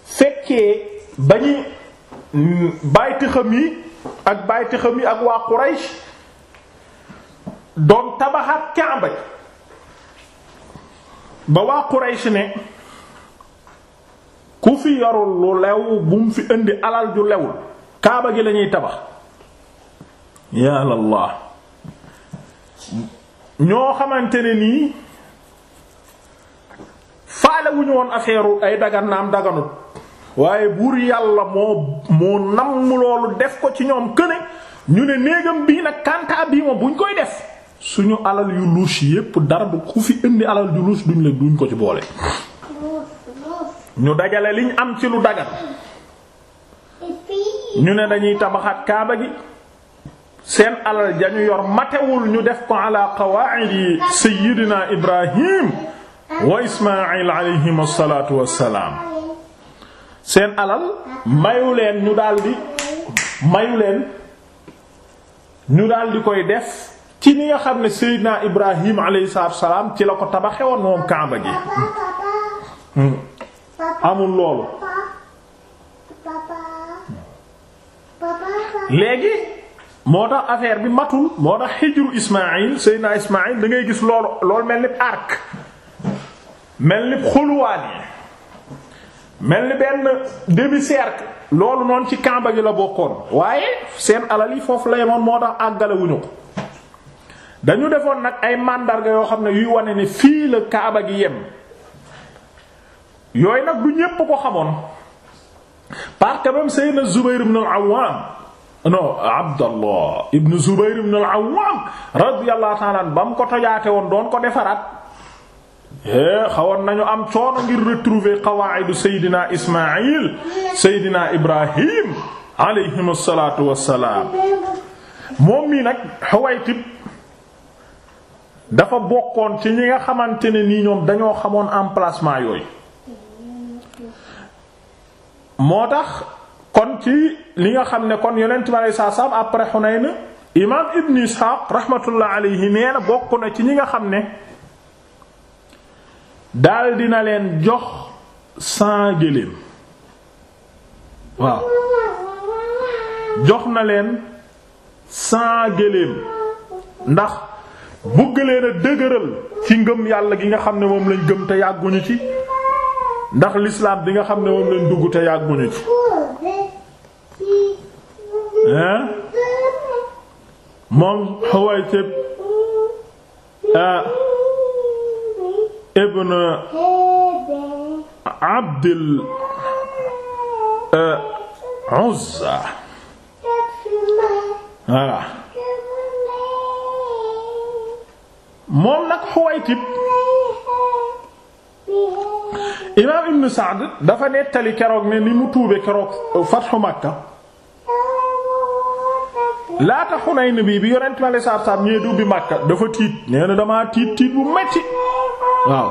fekkee ba ñu mm, bàyyi tëxam yi ak bàyti xam yi ak waa Quraysh doon tabaxaat Kaaba ba waa Quraysh ne ku fi yorul lu lew bu mu fi indi alal ju lewul Kaaba gi lañuy tabax ya Allah ñoo xamante ne nii faale wu ñu woon affaire ay dagan naam waaye buur yàlla moo moo namm loolu def ko ci ñoom këne ñu ne néegam bii nag kàntaa bii moom buñ koy def suñu alal yu luus yépp dara du ku fi indi alal ju luus duñ la duñ ko ci boole ñu dajale liñ am ci lu dagal ñu ne dañuy tabaxaat kaaba gi seen alal ja ñu yor matewul ñu def ko ala qawaa'idi sayyidina ibrahim wa ismaa'il alayhim assalaatu wassalaam seen alal mayu leen ñu daldi mayu leen ñu daldi koy def ci ni nga xam ne Seydina Ibrahim alayhi salaatu salaam ci la ko tabaxe woon moom Kaaba gi amul loolu léegi moo tax affaire bi matul moo tax xijru Ismaïl Seydina Ismaïl dangay gis loolu loolu mel ni arc mel ni xulwaan yi mel ni benn demi-cercle loolu noonu ci kamba gi la bokkoon waaye seen alal yi foofu la yemoon moo tax àggalewuñu ko dañu defoon nag ay màndarga yoo xam ne yuy wane ne fii la kaaba gi yem yooyu nag du ñépp ko xamoon parce que même Seydina Zubayr ibn al-Awwam non Abdallah ibn Zubayr ibn al-Awwam radiyallahu ta'ala ba mu ko tojaate woon doon ko defaraat é xawoon nañu am coono ngir retrouver qawaayidu Seydina Ismaïl Seydina Ibrahim alayhim asalaatu wassalaam moom mii nag Huwaytib dafa bokkoon ci ñi nga xamante ni nii ñoom dañoo xamoon en emplacement yooyu moo tax kon ci li nga xam ne kon yonent bi alei saa salaam après Hunayn imaam Ibn Ishaq rahmatullah alayhi nee na bokk na ci ñi nga xam ne daal na leen jox cent gëléem waaw jox na leen cent gëléem ndax bëgg leen a dëgëral ci ngëm yàlla gi nga xam ne moom lañ gëm te yàgguñu ci ndax lislaam bi nga xam ne moom lañ dugg te yàgguñu ci hein moom xaway cëb ibn Abdil uh, Uzza voilà moom nag Xuwaytib imaam Ibn Saad dafa nettali keroog ne li mu tuube keroog fatxu Makka laata Xunayn bii bi yonent ma la saab saab ñëwee di ubbi Makka dafa tiit nee na damaa tiit tiit bu metti waaw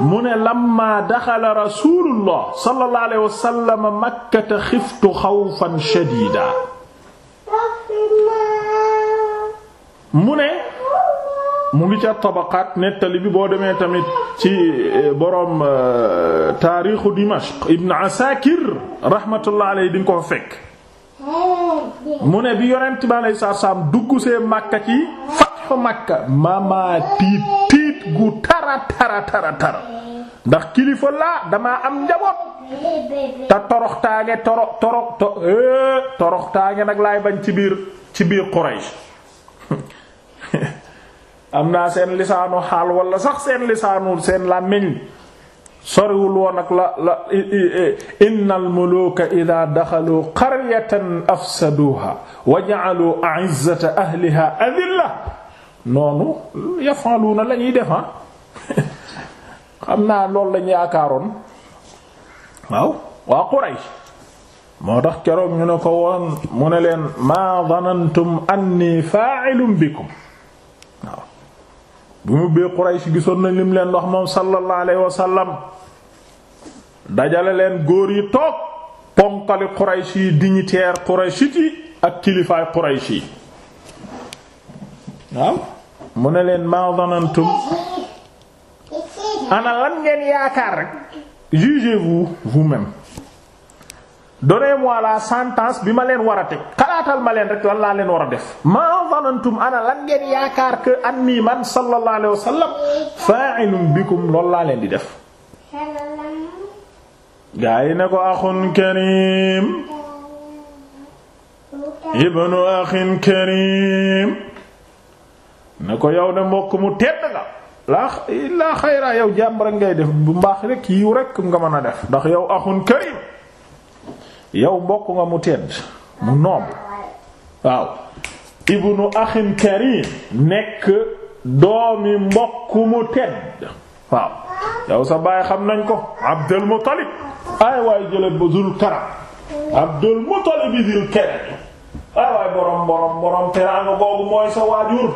mu ne lamma daxala rasulullah sallallahu alayhi wasallam makkata xiftu xawfan shadida mu ne mu ngi ca tabaqaat nettali bi boo demee tamit ci eh, borom eh, taarixu Dimashq ibn Asakir rahmatullah alayhi di nga ko fekk mu ne bi yonent bi aleyhi salaatu dugg see Makka ci fatxu Makka mama tiit tiit gu tara tara tara tara ndax kilifa laa damaa am njaboot te toroxtaange toro toro to eh, toroxtaange nag laay bañ ci biir ci biir Quraysh am naa seen lisaanu xaal wala sax seen lisaanu seen làmmiñ soriwul woon ak la la innal muluka ida daxalu qaryatan afsaduha wa ja'alu a'izzata ahliha adilla noonu yafaluuna la ñuy defa xam naa loolu lañu yaakaaroon waaw waa Quraysh moo tax keroog ñu ne ko woon mu ne leen ma dhanantum anni fa'ilun bikum bu mu bee Quraysh gisoon nañ lim leen wax moom sallallahu alayhi wa sallam dajale leen góor yi toog ponkali Quraysh yi dignitaire Quraysh ak kilifaay Quraysh waaw mu ne leen ma dhanantum ana ngeen yaakaar rek jugez-vous vous-même donnez-moi la sentence bi ma leen war a teg xalaatal ma leen rek lan laa leen war a def ma zanantum ana lan ngeen yaakaar que anni man sallallahu alayhi wasallam fa'ilun bikum loolu laa leen di def gaa yi ne ko axun karim ibnu axin karim ne ko yow de mbokk mu tedd nga laa xayraa yow jàmm rek ngay def bu mbaax rek yiw rek nga mën a def ndax yow axun karim yow mbokk nga mu tedd mu noom waaw ibnu axin karim nekk doomi mbokk mu tedd waaw yow sa baay xam nañ ko abdul muttalib ay waay jële ba dul karam abdul muttalib yi dul karam ay waay borom borom borom teraanga googu mooy sa waajur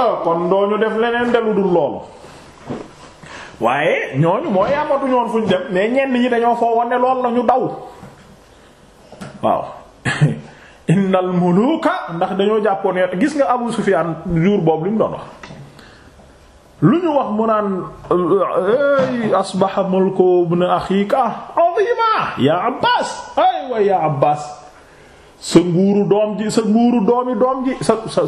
ah, kon doo ñu def leneen delu dul loolu waaye ñooñu mooy amatu fu ñu dem mais ñenn ñi dañoo foo wone lool lañu daw waaw innal muluka ndax dañoo jàppoon gis nga Abu Sufyan jour boobu li mu doon wax lu ñu wax mu naan asbaha mulku ibn akhika azima ya Abbas ay way ya Abbas sa nguuru doom ji sa nguuru doomi doom ji sa sa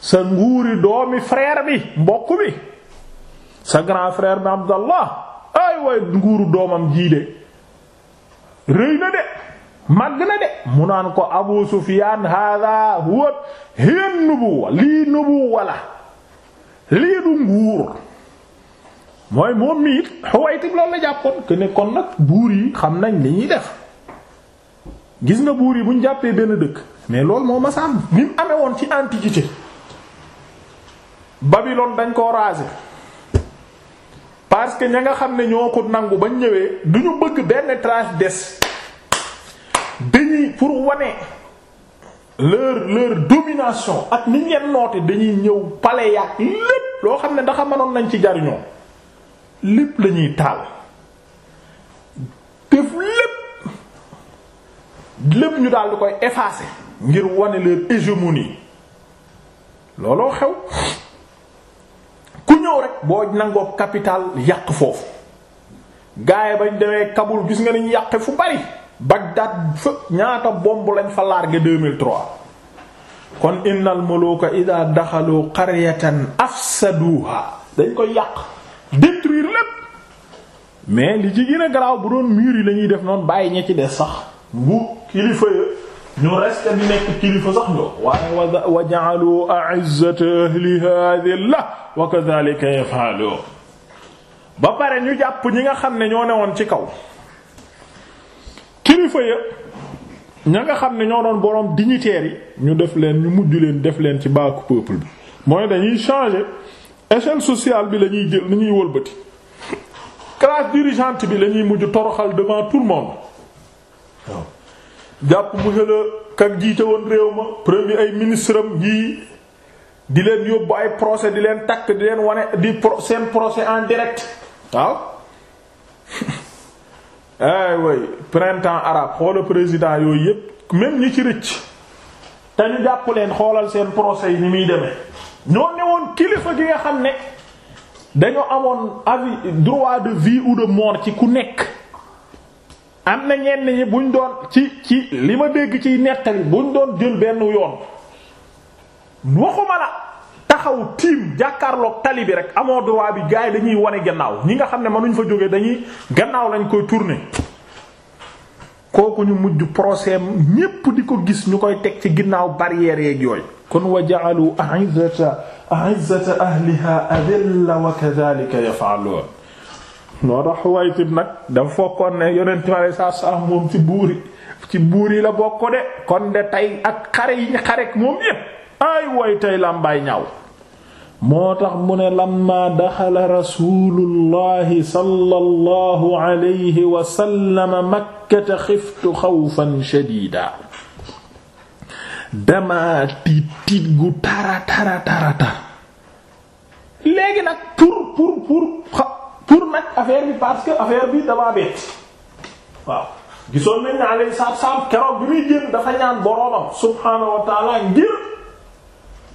sa nguuri doomi frère bi mbokk bi sa grand frère bi Abdallah ay way nguuru doomam gii de rëy na de màgg na de mu naan ko Abu Sufyan hada huwa hiya nubuwa lii nubuwa la lii du nguur mooy moom mi it Huwayt loolu la jàppoon que kon nag buur yi xam nañ li ñuy def gis nga buur yi bu ñu jàppee benn dëkk mais loolu moo ma sàmm mu amee ci antiquité Babylone dañ koo raser parce que ña nga xam ne ñoo ko nangu ba ñëwee du ñu bëgg benn trace des dañuy pour wane leur leur domination ak ni ngeen noote dañuy ñëw pale yàq lépp loo xam ne dafa manoon nañ ci jariñoo lépp lañuy ñuy taal def lépp lépp ñu daal di koy effacer ngir wane leur hégémonie looloo xew ku ñëw rek boo nangoo capital yàq foofu gaay bañ demee Kaboul gis nga niñ yàq fu bari Bagdad fa ñaata bomb lañ fa largué 2003 kon innal muluka ida daxalu qaryatan afsaduha dañ koy yàq détruire lépp mais li ci gën a garaaw bu doon mur yi lañuy def noonu bàyyi ña ci des sax bu kilifa ñu reste bi nekk kilifa sax ñoo waaye wa ja'alu a'izzata ahli hadhihi la wa kadhalika yaf'alu ba pare ñu jàpp ñi nga xam ne ñoo ne woon ci kaw kilifa ya ña nga xam ne ñoo doon borom dignitaires yi ñu def leen ñu mujj leen def leen ci baaku peuple bi mooy dañuy changer échelle sociale bi lañuy ñuy jël ni ñuy wëlbati classe dirigeante bi lañuy ñuy mujj toroxal devant tout monde jàpp monsieur le kan jiite woon réew ma premier ay ministre am yii di leen yóbbu ay procès di leen takk di leen wane di seen procès en direct waaw ay way printemps arabe xoola président yooyu yépp même ñi ci rëcc te ñu jàpp leen xoolal seen procès yi ñu muy demee ñoo ne woon kilifa gi nga xam ne dañoo amoon avis droit de vie ou de mort ci ku nekk am na ñenn ñi buñ doon ci ci li ma dégg ciy nettali buñ doon jël benn yoon waxuma la taxaw tiim jàkkaarloog tali bi rek amoo droit bi gars yi dañuy wane gannaaw ñi nga xam ne mënuñ fa jóge dañuy gannaaw lañ koy tourner. kooku ñu mujj procès ñépp di ko gis ñu koy teg ci ginnaaw barrières yeeg yooyu. kon wa ja'alu a'izzata a'izzata ahliha adilla wa kadhalika yaf'alun noo tax Xuwaytib nag dafa fokkoon ne yonent mi alayhi salaatu moom ci buur yi ci buur yi la bokk de kon de tey ak xare yi ñu xarek moom yépp ay way tey làmbaay ñaaw moo tax mu ne lamma daxala rasulullahi sallallahu alayhi wa sallam makkata xiftu xawfan shadida dama tiit tiit gu tara tara tara tar léegi nag pour pour pour pour nag affaire bi parce que affaire bi damaa bett waaw gisoon nañ ne alayhi salaam keroog bi muy génn dafa ñaan boroomam subhaanahu wa ngir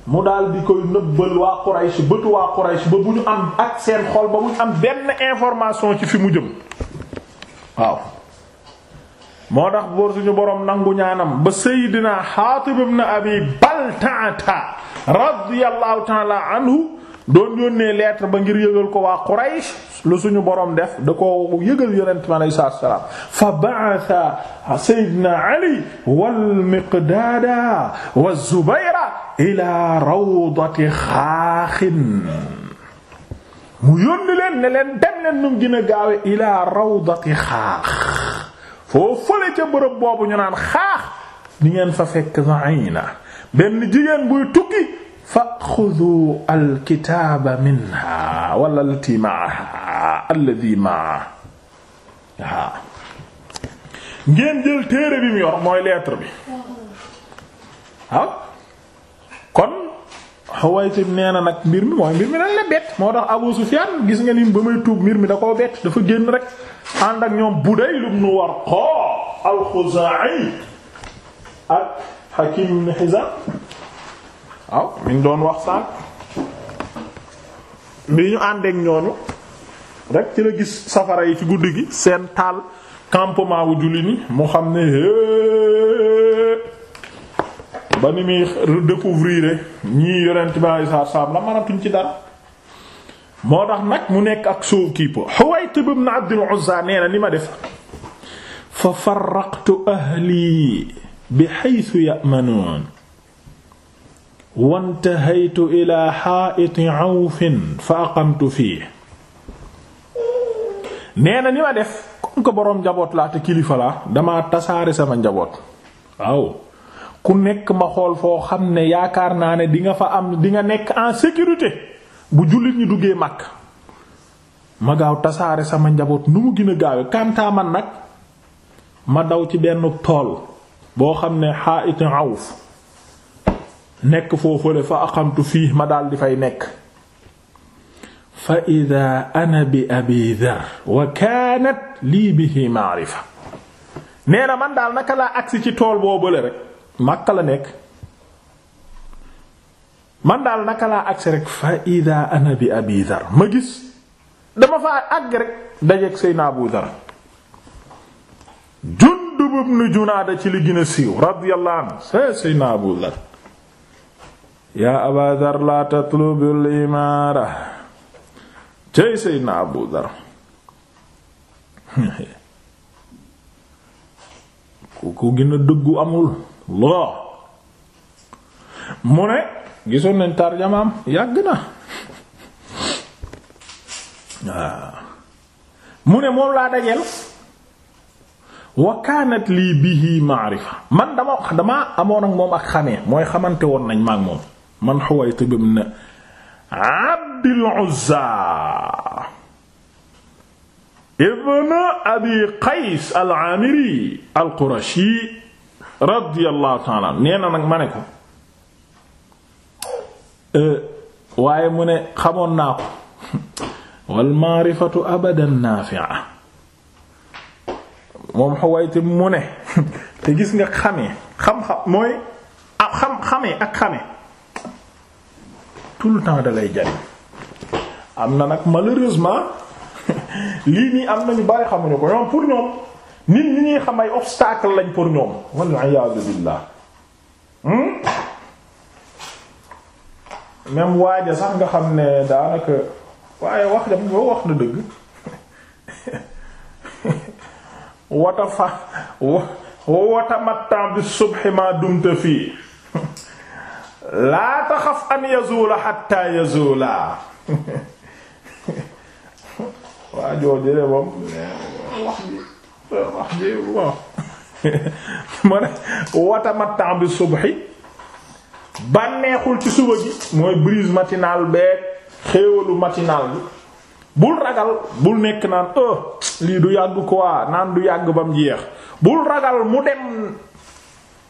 mu daal di koy nëbbal waa Quraysh bëtu waa Quraysh ba bu ñu am ak seen xol ba bu am benn information ci fi mu jëm waaw moo tax boor suñu boroom nangu ñaanam ba Seydina Xaatib ibn Abi Baltaata radiyallahu taala anhu doon yónnee lettre ba ngir yëgal ko waa Quraysh lu suñu borom def da ko yëgal yonent mi alayhi salaam fa ba'atha sayyidina Ali wal Miqdaada wa Zubayra ila rawdati xaaxin mu yónni leen ne leen dem leen nu a gaawe ila rawdati xaax foo fële ca bërëb boobu ñu naan xaax di ngeen fa fekk zaina benn jigéen buy tukki faaxudu alkitaaba minha wala allati maaha alladi maaha ngeen jël téere bi mu yor mooy lettre bi waaw kon Xuwaytib nee na nag mbir mi mooy mbir mi dañ la bett moo tax Abu Sufyaan gis nga ni ba may tuub mbir mi da koo bett dafa génn rek ànd ak ñoom Budayl ibn Warqa al-Xuzaa'i ak Hakiim ibn Hizaam waaw mi ngi doon wax sànq li ñu àndeek ñooñu rek ci la gis safara yi ci guddi gi seen taal campement wu julli ni mu xam ne ba ni muy redécouvrir ñii yonent bi alei saatu la mënatuñ ci dara moo tax nag mu nekk ak soo kiipo Huwaytib ibn Abdul Uzza nee na ni ma def fa farraqtu ahli bi haythu ya'manun wantahaytu ilaa xaa'iti awfin fa aqamtu fii nee na ni ma def comme que boroom njaboot laa te kilifa la dama tasaare sama njaboot waaw ku nekk ma xool foo xam ne yaakaar naa ne di nga fa am di nga nekk en sécurité bu jullit ñi duggee màkk ma gaaw tasaare sama njaboot nu mu gën a gaawe kantaa nag ma daw ci benn tool boo xam ne xaa'iti awf nekk foofule fa aqamtu fii ma daal di fay nekk fa ida ana bi abi dar wa kaanat lii bihi maarifa nee na man daal naka laa agsi ci tool boobule rek la daal naka laa agsi rek ma gis dama fa àgg rek dajeek Seydina Abu Dar Jundub ibn Junaada ci li gën a siiw radiyallahu anhu Seydina Abu Dar yaa aba dar la tatlubul imaara cëy seydna abu dar ku ku gën a dëggu amul loo mu ne gisoon nañ tarjamaam yàgg na waaw mu ne moom laa dajeel wa lii bihi maarifa man dama damaa amoon ak moom ak xamee mooy xamante woon nañ maak moom man Huwaytib ibn Abdil Uzza ibn Abi Qays al-Amiri al-Qurashi radiyallahu ta'ala nee na nag ma ne ko eh, waaye mu ne xamoon naa ko wal ma'rifatu abadan naafi'a moom Huwaytib mu ne te gis nga xamee xam-xam mooy xam xamee ak xamee tout le temps da lay jariñ am na nag malheureusement lii nii am na ñu bari xamuñu ko ñoom pour ñoom nit ñi ñuy xam obstacle lañ pour ñoom walla iyaadu billaah hmm? même waaja sax nga xam ne daanaka waaye wax jam boo wax na dëgg wata fa wata mattan bi subhi ma dumta fii laa taxaf an yazula xatta yazula waa jooju de moom wax ji wax ji bon ma ne watamatta bi ci suba gi mooy brise matinale beeg xéewalu matinale bi bul ragal bul nekk naan oh, lii du yàgg quoi naan du yàgg bam jeex bul ragal mu dem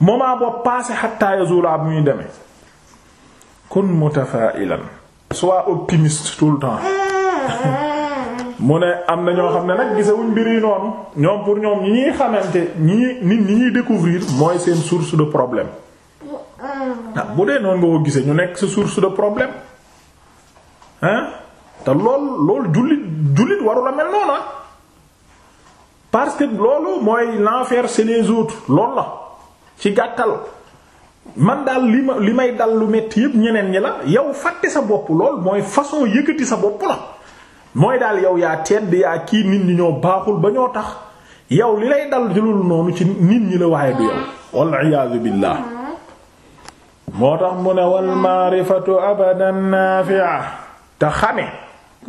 moment boobu passé xatta yazula bu muy demee kun mutafailan sois optimiste tout le temps mu ne am na ñoo xam ne nag gisawuñ mbir yi noonu ñoom pour ñoom ñi ñuy xamante ñi nit ñi ñuy découvrir mooy seen source de problème mm. ah bu dee noonu nga ko gisee ñu nekk si source de problème hein te lool lool jullit jullit warula mel noonu ah. parce que loolu mooy l'enfer c'est les autres loolu la ci gàttal man daal li ma li may dal lu metti yëpp ñeneen ñi la yow fàtte sa bopp lool mooy façon yëkkati sa bopp la mooy daal yow yaa tedd yaa kii nit ñi ñoo baaxul ba ñoo tax yow li lay dal jëlul noonu ci nit ñi la waaye du yow wal iyaazu billaah moo tax mu ne wal maarifatu abadan naafi'a te xame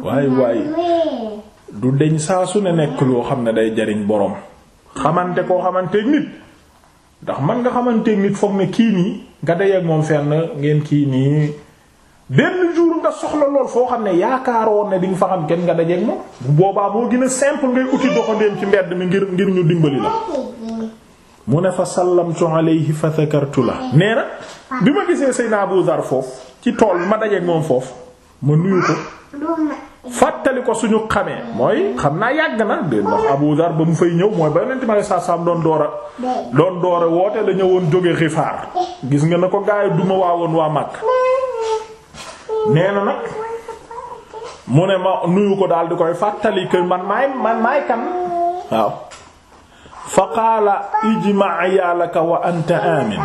waaye waaye du deñ saa su ne nekk loo xam ne day jariñ boroom xamante koo xamante nit ndax man nga xamante nit foog ne kii nii nga dayee ak moom fenn ngeen kii nii benn jour nga soxla lool foo xam ne yaakaaroon ne di nga fa xam kenn nga dajeeg moom boobaa moo gën a simple ngay uti doxandéem ci mbedd mi ngir ngir ñu dimbali la mu ne fa sallamtu alayhi fa dhakartu la nee na bi ma gisee Seydina Abu Dhar foofu ci tool ma dajeeg moom foofu ma nuyu ko fàttali ko suñu xamee mooy xam naa yàgg na de ndax Abu Dar ba mu fay ñëw mooy ba yonent ma saa saam doon door a doon door woo woote la ñëwoon jóge xifaar gis nga na ko gaay duma waawoon waa mag nee na nag mu ne ma nuyu ko daal di koy fàttali kër man maay man maay kan waaw fa qaala ijma' yaalaka wa anta amin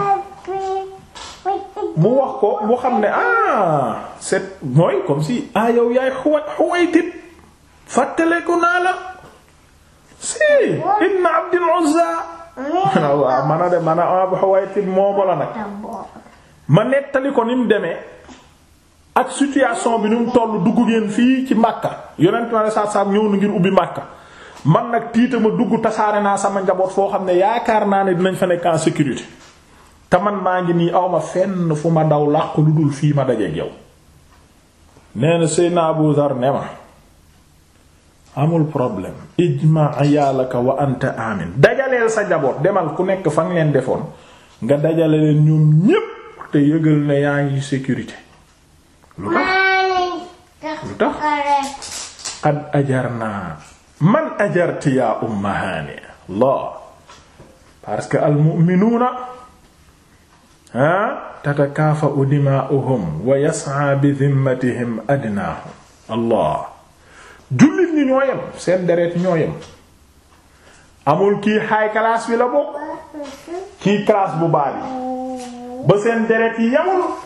mu wax ko mu xam ne ah c'est mooy comme si ah yow yaay xuwa xuwaytib ko naa la si inna Abdul Uzza waaw man a de man a Abu ah, Xuwaytib la nag ma nettali ko ni mu demee ak situation bi nu mu toll dugg ngeen fii ci Makka yonent ma ne saab saab ñëw na ngir ubbi Makka man nag tiita ma dugg tasaare naa sama njaboot foo xam ne yaakaar naa ne dinañ fa nekk sécurité te man maa ngi nii awma fenn fu ma daw làq lu dul fii ma daje yow nee na Abu Dhar ne ma amul problème ijma ayaalaka wa anta amin dajaleel sa jaboot demal ku nekk fa nga defoon nga dajale leen ñoom ñépp te yëgal ne yaa ngi sécurité lu tax lu tax ad ajar naa man ajarti yaa umma haani la parce que al mu'minuuna ah tatakaafa'u dimaa'uhum wa yas'a bi dhimmatihim adnaahum allah jullit ñi ñoo yem seen deret ñoo yem amul kii xaay classe bi la bokk kii classe bu baax bi ba seen deret yi yemul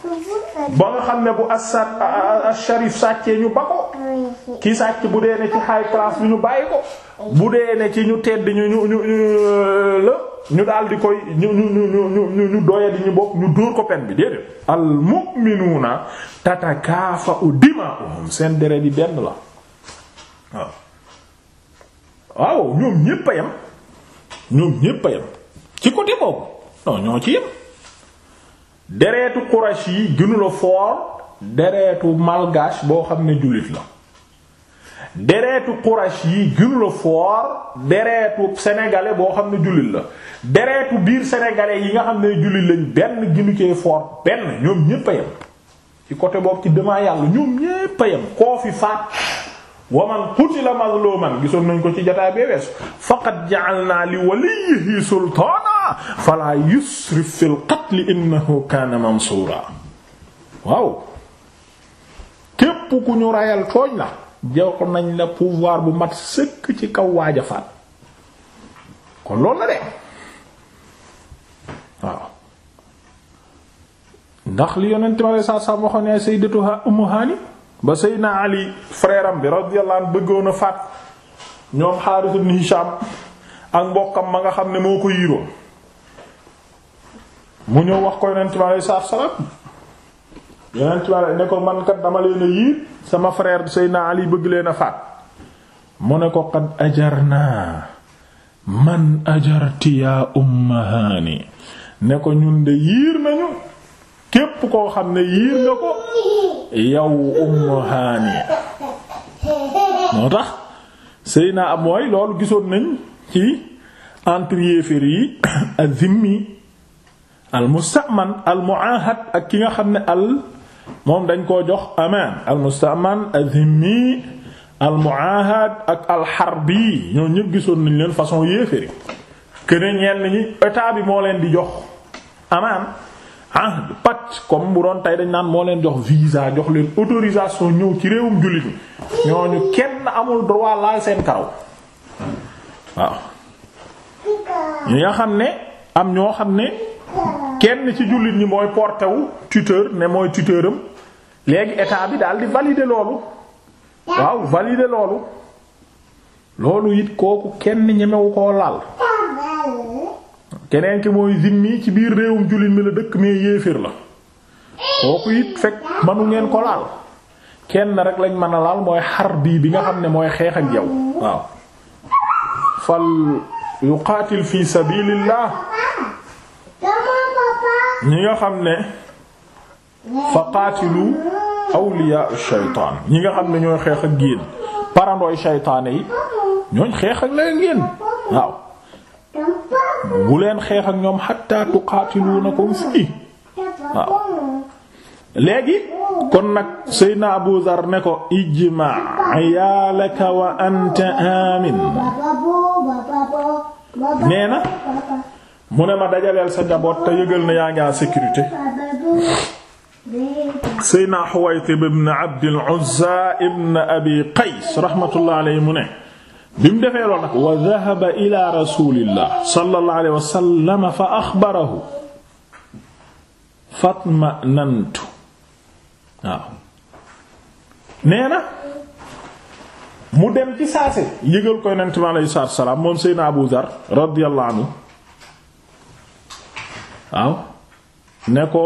ba nga xam ne bu as sharif sàccee ñu ba ko ki sàcc bu dee ne ci high class bi ñu bàyyi ko bu dee ne ci ñu tedd ñu ñu ñu euh, la ñu daal di koy ñu ñu ñu ñu ñu doya ñu bokk ñu dóor ko pen bi déedéet. al mu'minuuna tatakaafa'u dimaa'uhum seen deret yi benn la waaw waaw ñoom ñépp a ñoom ñépp a yem ci côté boobu ñoo ci yem deretu Quraysh yi gënu la foor deretu malgache boo xam ne jullit la dereetu Quraysh yi gënu la foor dereetu sénégalais boo xam ne jullit la dereetu biir sénégalais yi nga xam ne jullit lañ benn ginu cee foor benn ñoom ñépp a ci côté boobu ci dama yàlla ñoom ñépp a koo fi faat waman qutila mazluman gisoon nañ ko ci jotaay bee weesu faqad ja'alna li waliyhi sultaana fala yusrif fil qatl innahu kaana mansuura waaw képp ku ñu rayal tooñ la jox nañ la pouvoir bu mat sëkk ci kaw waaja faat kon loolu la de waaw ndax li yonent ma lay saab waxoon ne sayyidatu Ummu Hani ba Seydina Ali frère bi radiyallahu anhu bëggoon a faat ñoom Haaris ibn Hisham ak mbokkam ma nga xam ne moo ko yiiroon mu ñëw wax ko yonent ma lay salaam yonent bi ne ko man kat dama leen a yiir sama frère Seydina Ali bëgg leen a faat mu ne ko qad ajarna man ajarti yaa umma haani ne ko ñun de yiir nañu képp koo xam ne yiir nga ko yow umma haani moo tax sëy am amooy loolu gisoon nañ ci entre yéeféer yi azimmi al mustaman al muahad ak ki nga xam ne al moom dañ koo jox amaan al musta'man azimmi al muahad ak al harbi ñoo ñëpp gisoon nañ leen façon yéeféri këne ñenn ñi état bi moo leen di jox amaan ah pat comme bu doon tey dañ naan moo leen jox visa jox leen autorisation ñëw ci réewum jullit ñi ñooñu kenn amul droit laal seen karaw waaw ñi nga xam ne am ñoo xam ne kenn ci jullit ñi mooy porté wu tuteur ne mooy tuteuram léegi état bi daal di valider loolu waaw valider loolu loolu it kooku kenn ñemewu koo laal keneen ki mooy zimmi ci biir réewum jullit mi la dëkk mais yéeféer la kooku it fekk manu ngeen ko laal kenn rek lañ mën a laal mooy xar bii bi nga xam ne mooy xeex ak yow waaw fal yuqaatil fi sabilillah ñi nga xam ne fa qaatilu awliyaa shaytaan ñi nga xam ne ñooy xeex ak génn parandooy shaytaane yi ñooñ xeex ak leen génn waaw bu leen xeex ak ñoom hatta tuqaatiluunakum fii waaw léegi kon nag Seydina Abu Dhar ne ko ijma yaalaka wa anta amin nee na mu ne ma dajaleel sa njaboot te yëgal na yaa ngi en sécurité Seydina Huwaytib ibn Abdil Uzza ibn Abi Qays rahmatullah alayhi mu ne bi mu defee lool nag wa dhahaba ila rasulillah sallallahu alayhi wa sallam fa axbarahu fatma'nantu waaw nee na mu dem ci saase yëgal ko Yonent mi alayhi salaam moom Seydina Abu Dhar radiyallahu anhu waaw ne ko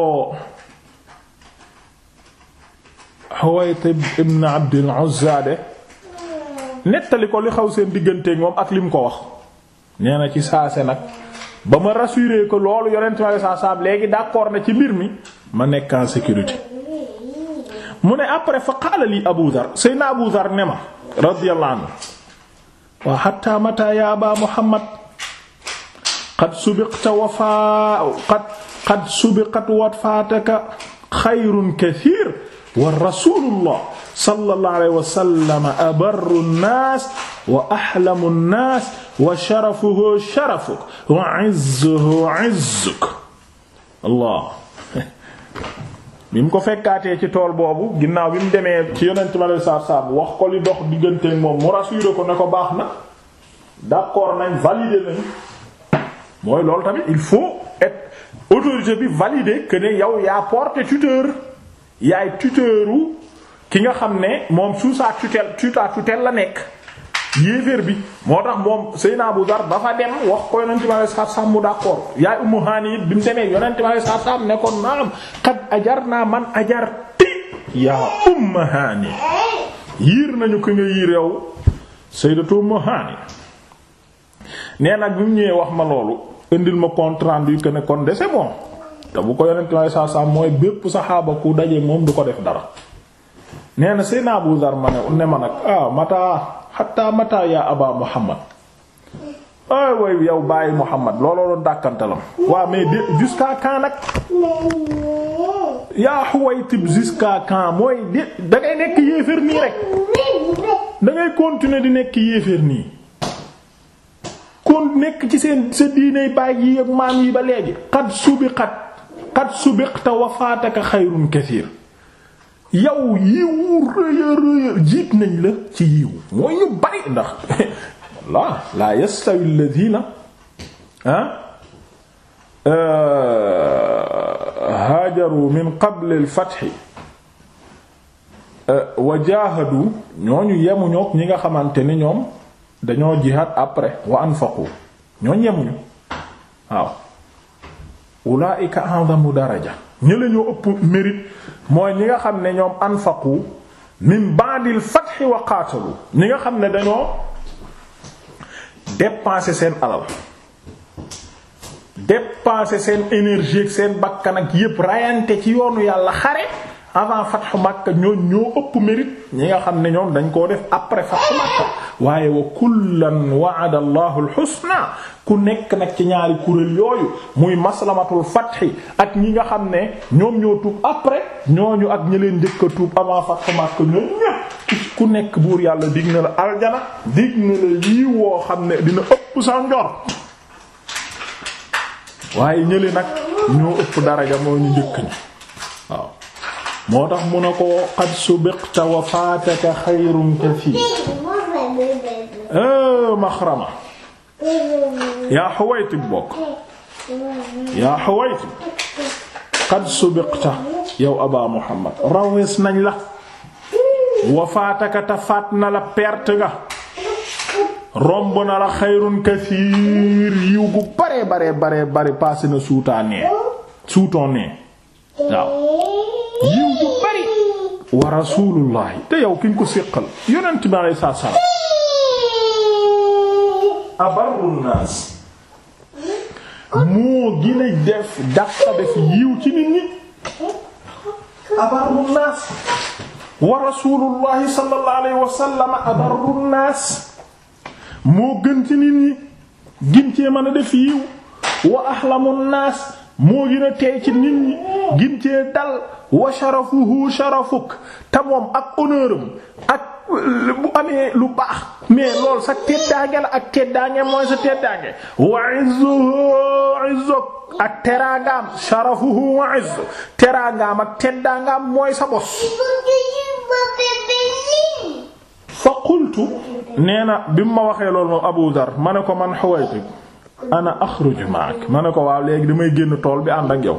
Huwaytib ibn Abdul Uzza de nettali ko li xaw seen digganteeg moom ak li mu ko wax nee na ci saase nag ba ma rassuré ko loolu yonent ma saa saab léegi d'accord na ci mbir mi ma nekk en sécurité mu ne après fa qaala li Abu Dhar Seydina Abu Dhar ne ma radiyallahu anhu wa hatta mata ya Aba Muhammad qad subiqta wafaa qad qad subiqat wafaataka xayrun kasiir wa rasulullah sallallahu alayhi wa sallam abarru nnaas wa axlamu nnaas wa sharafuhu sharafuka wa izzuhu izzuka allah bi mu ko fekkaatee ci tool boobu ginnaaw bi mu demee ci yonent mi alayhi salaatu salaam wax ko li dox diggante moom mu rassuré ko ne ko baax na d'accord nañ validé nañ mooy loolu tamit il faut être autorité bi valider que ne yow yaa porté tuteur yaay tuteuru ki nga xam ne moom sous sa tutelle tuta tutelle la nekk yéeféer bi moo tax moom sëy naa bu Dar dafa dem wax ko yonente bi alei satu salaam mu d'accord yaay Ummu Haani bi mu demee yonente bi alei satu salaam ne ko naam qad ajarna man ajarti yaa Ummu Haani yiir nañu ki nga yiir yow Sayyidatu Ummu Haani nee nag bi mu ñëwee wax ma loolu indil ma compte rendu que ne kon de bon te bu ko yonent ma saa mooy bépp saxaaba ku daje moom du ko def dara. nee na Seydina Abu ma ne ne ma nag ah mataa xataa mataa yaa Aba Muhammad ay way yow bàyyi Muhammad looloo doon dàkkantalam waa mais de jusqu'à quand nag yaa Huwaytib jusqu'à quand mooy de dangay nekk yéeféer nii rek dangay continuer di nekk yéeféer nii kon nekk ci seen sa diiney baay yi ak maam yi ba léegi xat subiqat xat subiqta wafaataka xayrun kasiir yow yiwu rëya rëya jiit nañ la ci yiw mooy ñu bari ndax la laa yastawi alladhina ah, euh, haajaru min qabli alfathi euh, wajaahadu ñooñu yemuñook ñi nga xamante ni ñoom dañoo jihaad après wa anfaqu ñoo yemuñu waaw ulaa'ika a'zamu daraja ñi la ëpp mérite mooy ñi nga xam ne ñoom anfaqu ni ba'dil fathi wa qaatalu ñi nga xam ne dañoo dépenser seen alal dépenser seen énergie ak seen bakkan ak yépp rayante ci yoonu yàlla xare avant fatxu Makka ñooñ ñoo ëpp mérite ñi nga xam ne ñoom dañ koo def après fatxu Makka waaye wa kullan wa'ada Allahu al ku nekk nag ci ñaari kuréel yooyu muy maslamatul fatxi ak ñi nga xam ne ñoom ñoo tuub après ñooñu ak ñi leen njëkk tuub avant fatxu Makka ñoom ku nekk buur yàlla dig na la aljana dig la lii woo xam ne dina ëpp sa njor waaye ñële nag ñoo ëpp daraja moo ñu njëkk ñi waaw moo tax mu ne ko qad subiqta wa faataka xayrun eh, maxrama yaa Xuwaytib bokk yaa Xuwaytib qad subiqta yow Aba Muhammad rawees nañ la wa faataka ta faat na la perte nga romb na la xayrun kasiir yiw gu bare bare bare bare paase na suutaa nee suutoo nee waaw wa rasulullahi te yow ki ko séqal yonent bi alayhi salaam abarru naas moo gën def dàqa def yiw ci nit ñi abarru naas wa rasulullahi sallallahu alayhi abarru naas moo gën ci nit ñi gin cee mën def yiw wa ahlamu naas moo gën a tey ci nit gin cee wa sharafuhu sharafuk te moom ak honneuram ak lu baax mais lool sa teddaange ak teddaange mooy sa wa izzuhu izzuk ak teraangaam sharafuhu wa izzu teraangaam ak teddaangaam mooy sa bos fa qultu nee na bi mu ma waxee loolu ma ne ko man Huwaytib ana axruju ma'ak ma ne ko waaw léegi damay génn tool bi ànd ak yow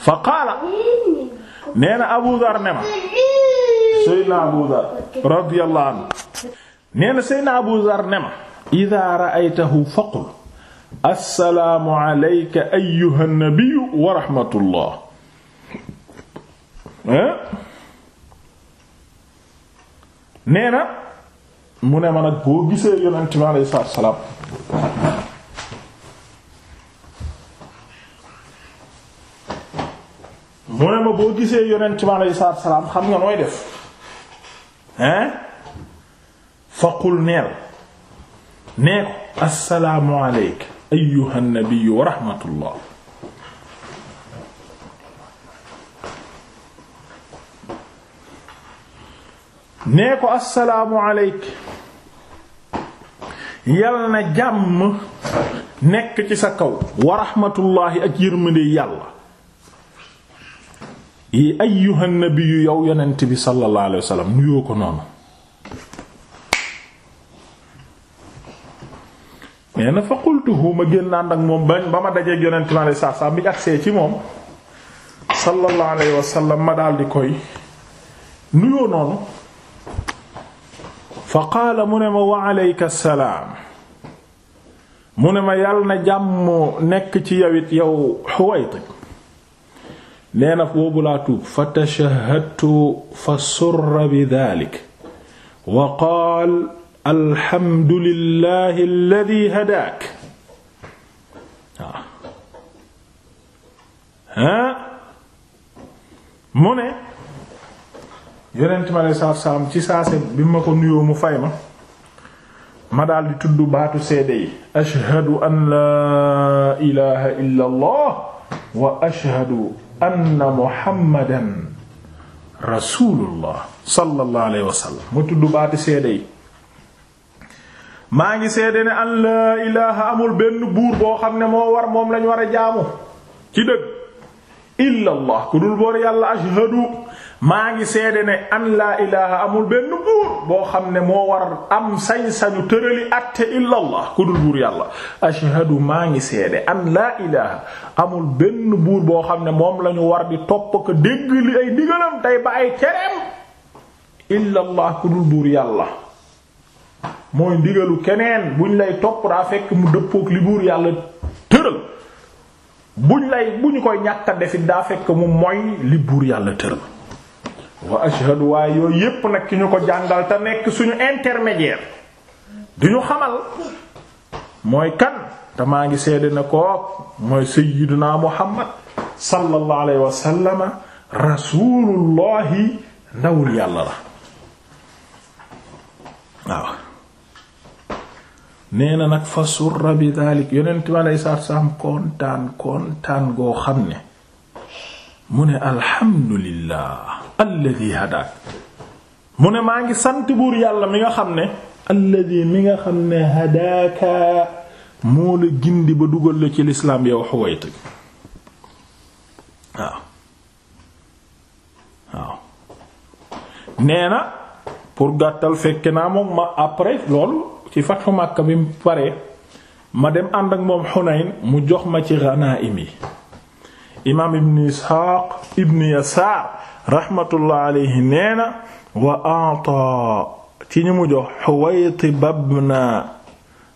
fa qaala nee na Abu Dar ne ma Seydina Abu Dar radiyallahu anhu nee na Seydina Abu Dar ne ma idaa ra'aytahu faqul assalaamu alayka ayyuha nabiyyu wa rahmatullah eh? nee na mu ne ma nag boo gisee yonent bi alayhi salaam mu ne ma boo gisee yonent bi alayhi salaatu salaam xam nga nooy def hein faqul neel nee ko assalaamu alayka ayyuhan nabiyyu wa rahmatullah nee ko assalaamu aleyk yal na jàmm nekk ci sa kaw wa rahmatullaahi ak yërmande yàlla yi ayyuhan nabiyyu yow yonent bi sallallahu alayhi wa sallam nuyoo ko noonu nee na fa qultuhu ma génn ànd ak moom ba ma dajee yonent bi saa saa bi agsee ci moom sallallahu alayhi wa ma daal di koy nuyoo noonu fa qaala mu ne ma wa alayka salaam mu ne ma yàlla na jàmm nekk ci yawit yow Xuwaytib nee na boobu laa tuub fa tashahadtu fa surra bi daalik wa qaal alhamdulillahi alladi hadaak ha mu ne yonent ma lay saaf ci saase bi ma ko nuyoo mu fay ma daal di tudd baatu seede yi ashhadu an laa ilaha illa wa ashhadu anna muhammadan rasulullah sallallahu alayhi wa mu tudd baatu seede yi maa ngi seede ne an laa ilaha amul benn buur boo xam ne moo war moom lañ war a jaamu ci dëgg illa ku dul boor yàlla ashhadu maa ngi seede ne an laa ilaha amul benn buur boo xam ne moo war am sañ-sañu tërali atte illallah ku dul buur yàlla ashhadu maa ngi seede an laa ilaha amul benn buur boo xam ne moom lañu war di topp ko dégg li ay digalam tey ba ay cereem illallah ku dul buur yàlla mooy ndigalu keneen buñ lay topp daa fekk mu dëppook li buur yàlla tëral buñ lay bu ñu koy ñàkka defit daa fekk mu moy li buur yàlla tëral wa ashhadu waaye yooyu yépp nag ki ñu ko jàngal te nekk suñu intermédiaire du ñu xamal mooy kan te maa ngi seede na kook mooy sayyiduna muhammad sallallahu alayhi wa sallama rasulullahi ndawul yàlla la waaw nee na nag fa surra bi daalik yonent ma lay saaf saam kontaan kontaan goo xam ne mu ne alhamdulillah alladi hadaak mu ne maa ngi sant buur yàlla mi nga xam ne alladi mi nga xam ne hadaaka moo la gindi ba dugal la ci lislaam yow Xuwaytib waaw waaw nee na pour gàttal fekke naa moom ma après loolu ci fatxu Makka bi mu paree ma dem ànd ak moom Xunayn mu jox ma ci ghanaaim yi imaam ibn Isxaaq ibn Yasaar rahmatullah alayhi nee na wa ata ci ñu mu jox Huwaytib ibn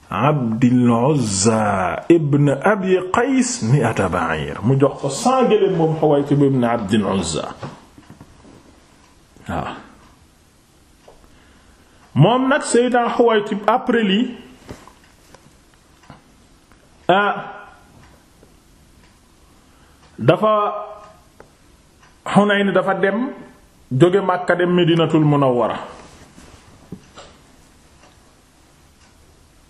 Abdil Uzza ibn Abi Qays mi'ata ba'ir mu jox ko cent gëléem moom Huwaytib ibn Abdil Uzza waaw moom nag Seydina Huwaytib après lii ah, dafa Hunayn dafa dem jóge Makka dem Medinatul Munawwara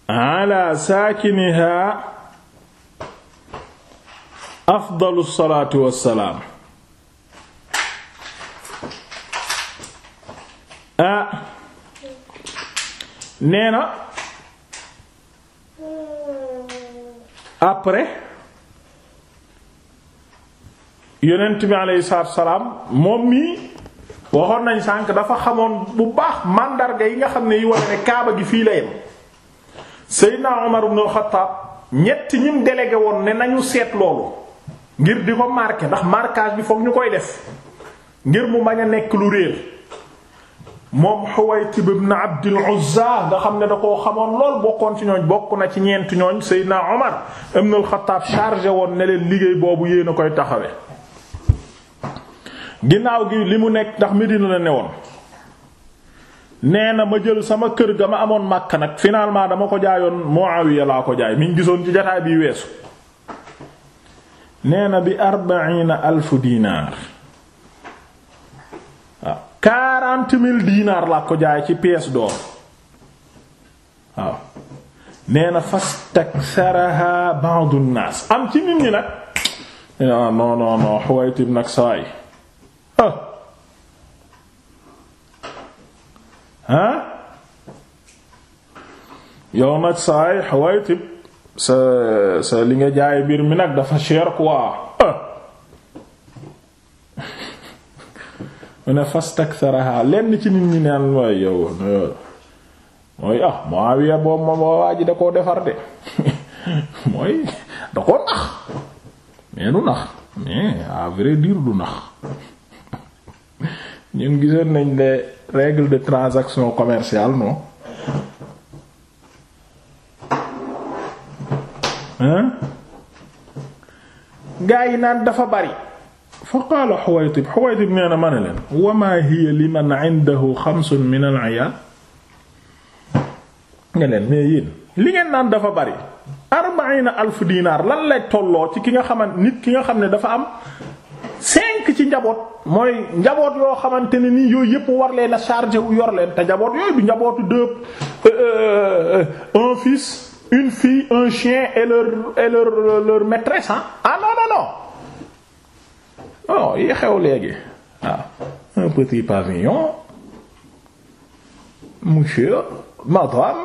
ala saakiniha afdalu salaatu nee na après yonent bi aleyhi salaatu salaam moom mii waxoon nañ sànq dafa xamoon bu baax màndarga yi nga xam ne yi wone ne kaaba gi fii la yem Seydina Umar ibn Xattaab ñett ñim délégué woon ne nañu seet loolu ngir di ko marqué ndax marquage bi fokk ñu koy def ngir mu bañ a nekk lu réer moom Huwaytib ibn Abdul Uzza nga xam ne da koo xamoon lool bokkoon ci ñooñ bokk na ci ñeenti ñooñ Seydina Umar ibn Xattaab chargé woon ne leen liggéey boobu yéen a koy taxawee. ginnaaw gi li mu nekk ndax Medina la ne woon nee na ma jël sama kër ga ma amoon Makka nag finalement dama ko jaayoon Muawiya laa ko jaay mi ngi gisoon ci jataay bi weesu nee na bi arbaina alfu diinaar waaw quarante mille diinaar laa ko jaay ci pièce d'or waaw nee na fastaksaraha ba'du nnaas am ci nit ñi nag ah, non non non Huwaytib nag saay ah yow nag saay xawaay tib sa sa li nga jaay biir mi nag dafa cher quoi mu ne fastaktharaha lenn ci nit ñi neen mooy mooy ah Muawiya boobu ma moo waa da koo defar de mooy da koo nax mais du nax mais à vrai dire du nax ñun gisoon nañ les règles de transaction commerciale non hein gaa yi naan dafa bari fa qaala Huwaytib Huwaytib nee na ma ne leen wa maa hiya liman indahu xamsun min al-iyaal nga leen mais yéen li ngeen naan dafa bari arbaina alf dinaar lan lay tolloo ci ki nga xaman nit ki nga xam ne dafa am cinq ci njaboot mooy njaboot yoo xamante ne nii yooyu yëpp war leen a wu yor leen te njaboot yooyu du njabootu deux euh, euh, euh, un fils une fille un chien et leur et leur leur maîtresse ah non non non non oh, yi xew léegi waaw ah, un petit pavillon monsieur madame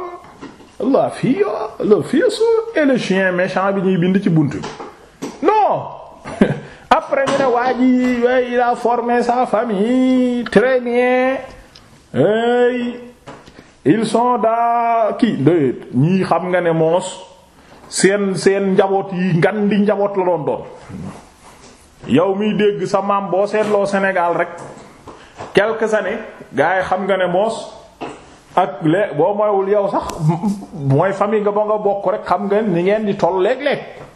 la fille le fils et le chien méchant bi ñuy bind ci bunt bi non. après ñu ne waa ji way il a formé sa famille très bien hey ils daa kii déet xam nga ne moos seen seen njaboot yi ngan di njaboot la doon doon yow miy dégg sa maam boo seetloo Sénégal rek quelques années gars yi xam nga ne moos ak lé boo moywul yow sax mooy fami nga ba nga bokk rek xam nga ni ngeen di toll léeg-léeg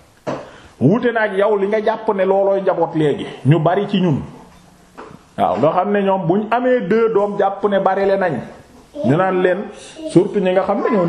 wute na ak yow li nga jàpp ne loolooy njaboot léegi ñu bari ci ñun waaw nga xam ne ñoom bu ñu amee deux doom jàpp ne bari le nañ ñu naan leen surtout ñi nga xam ne ñoo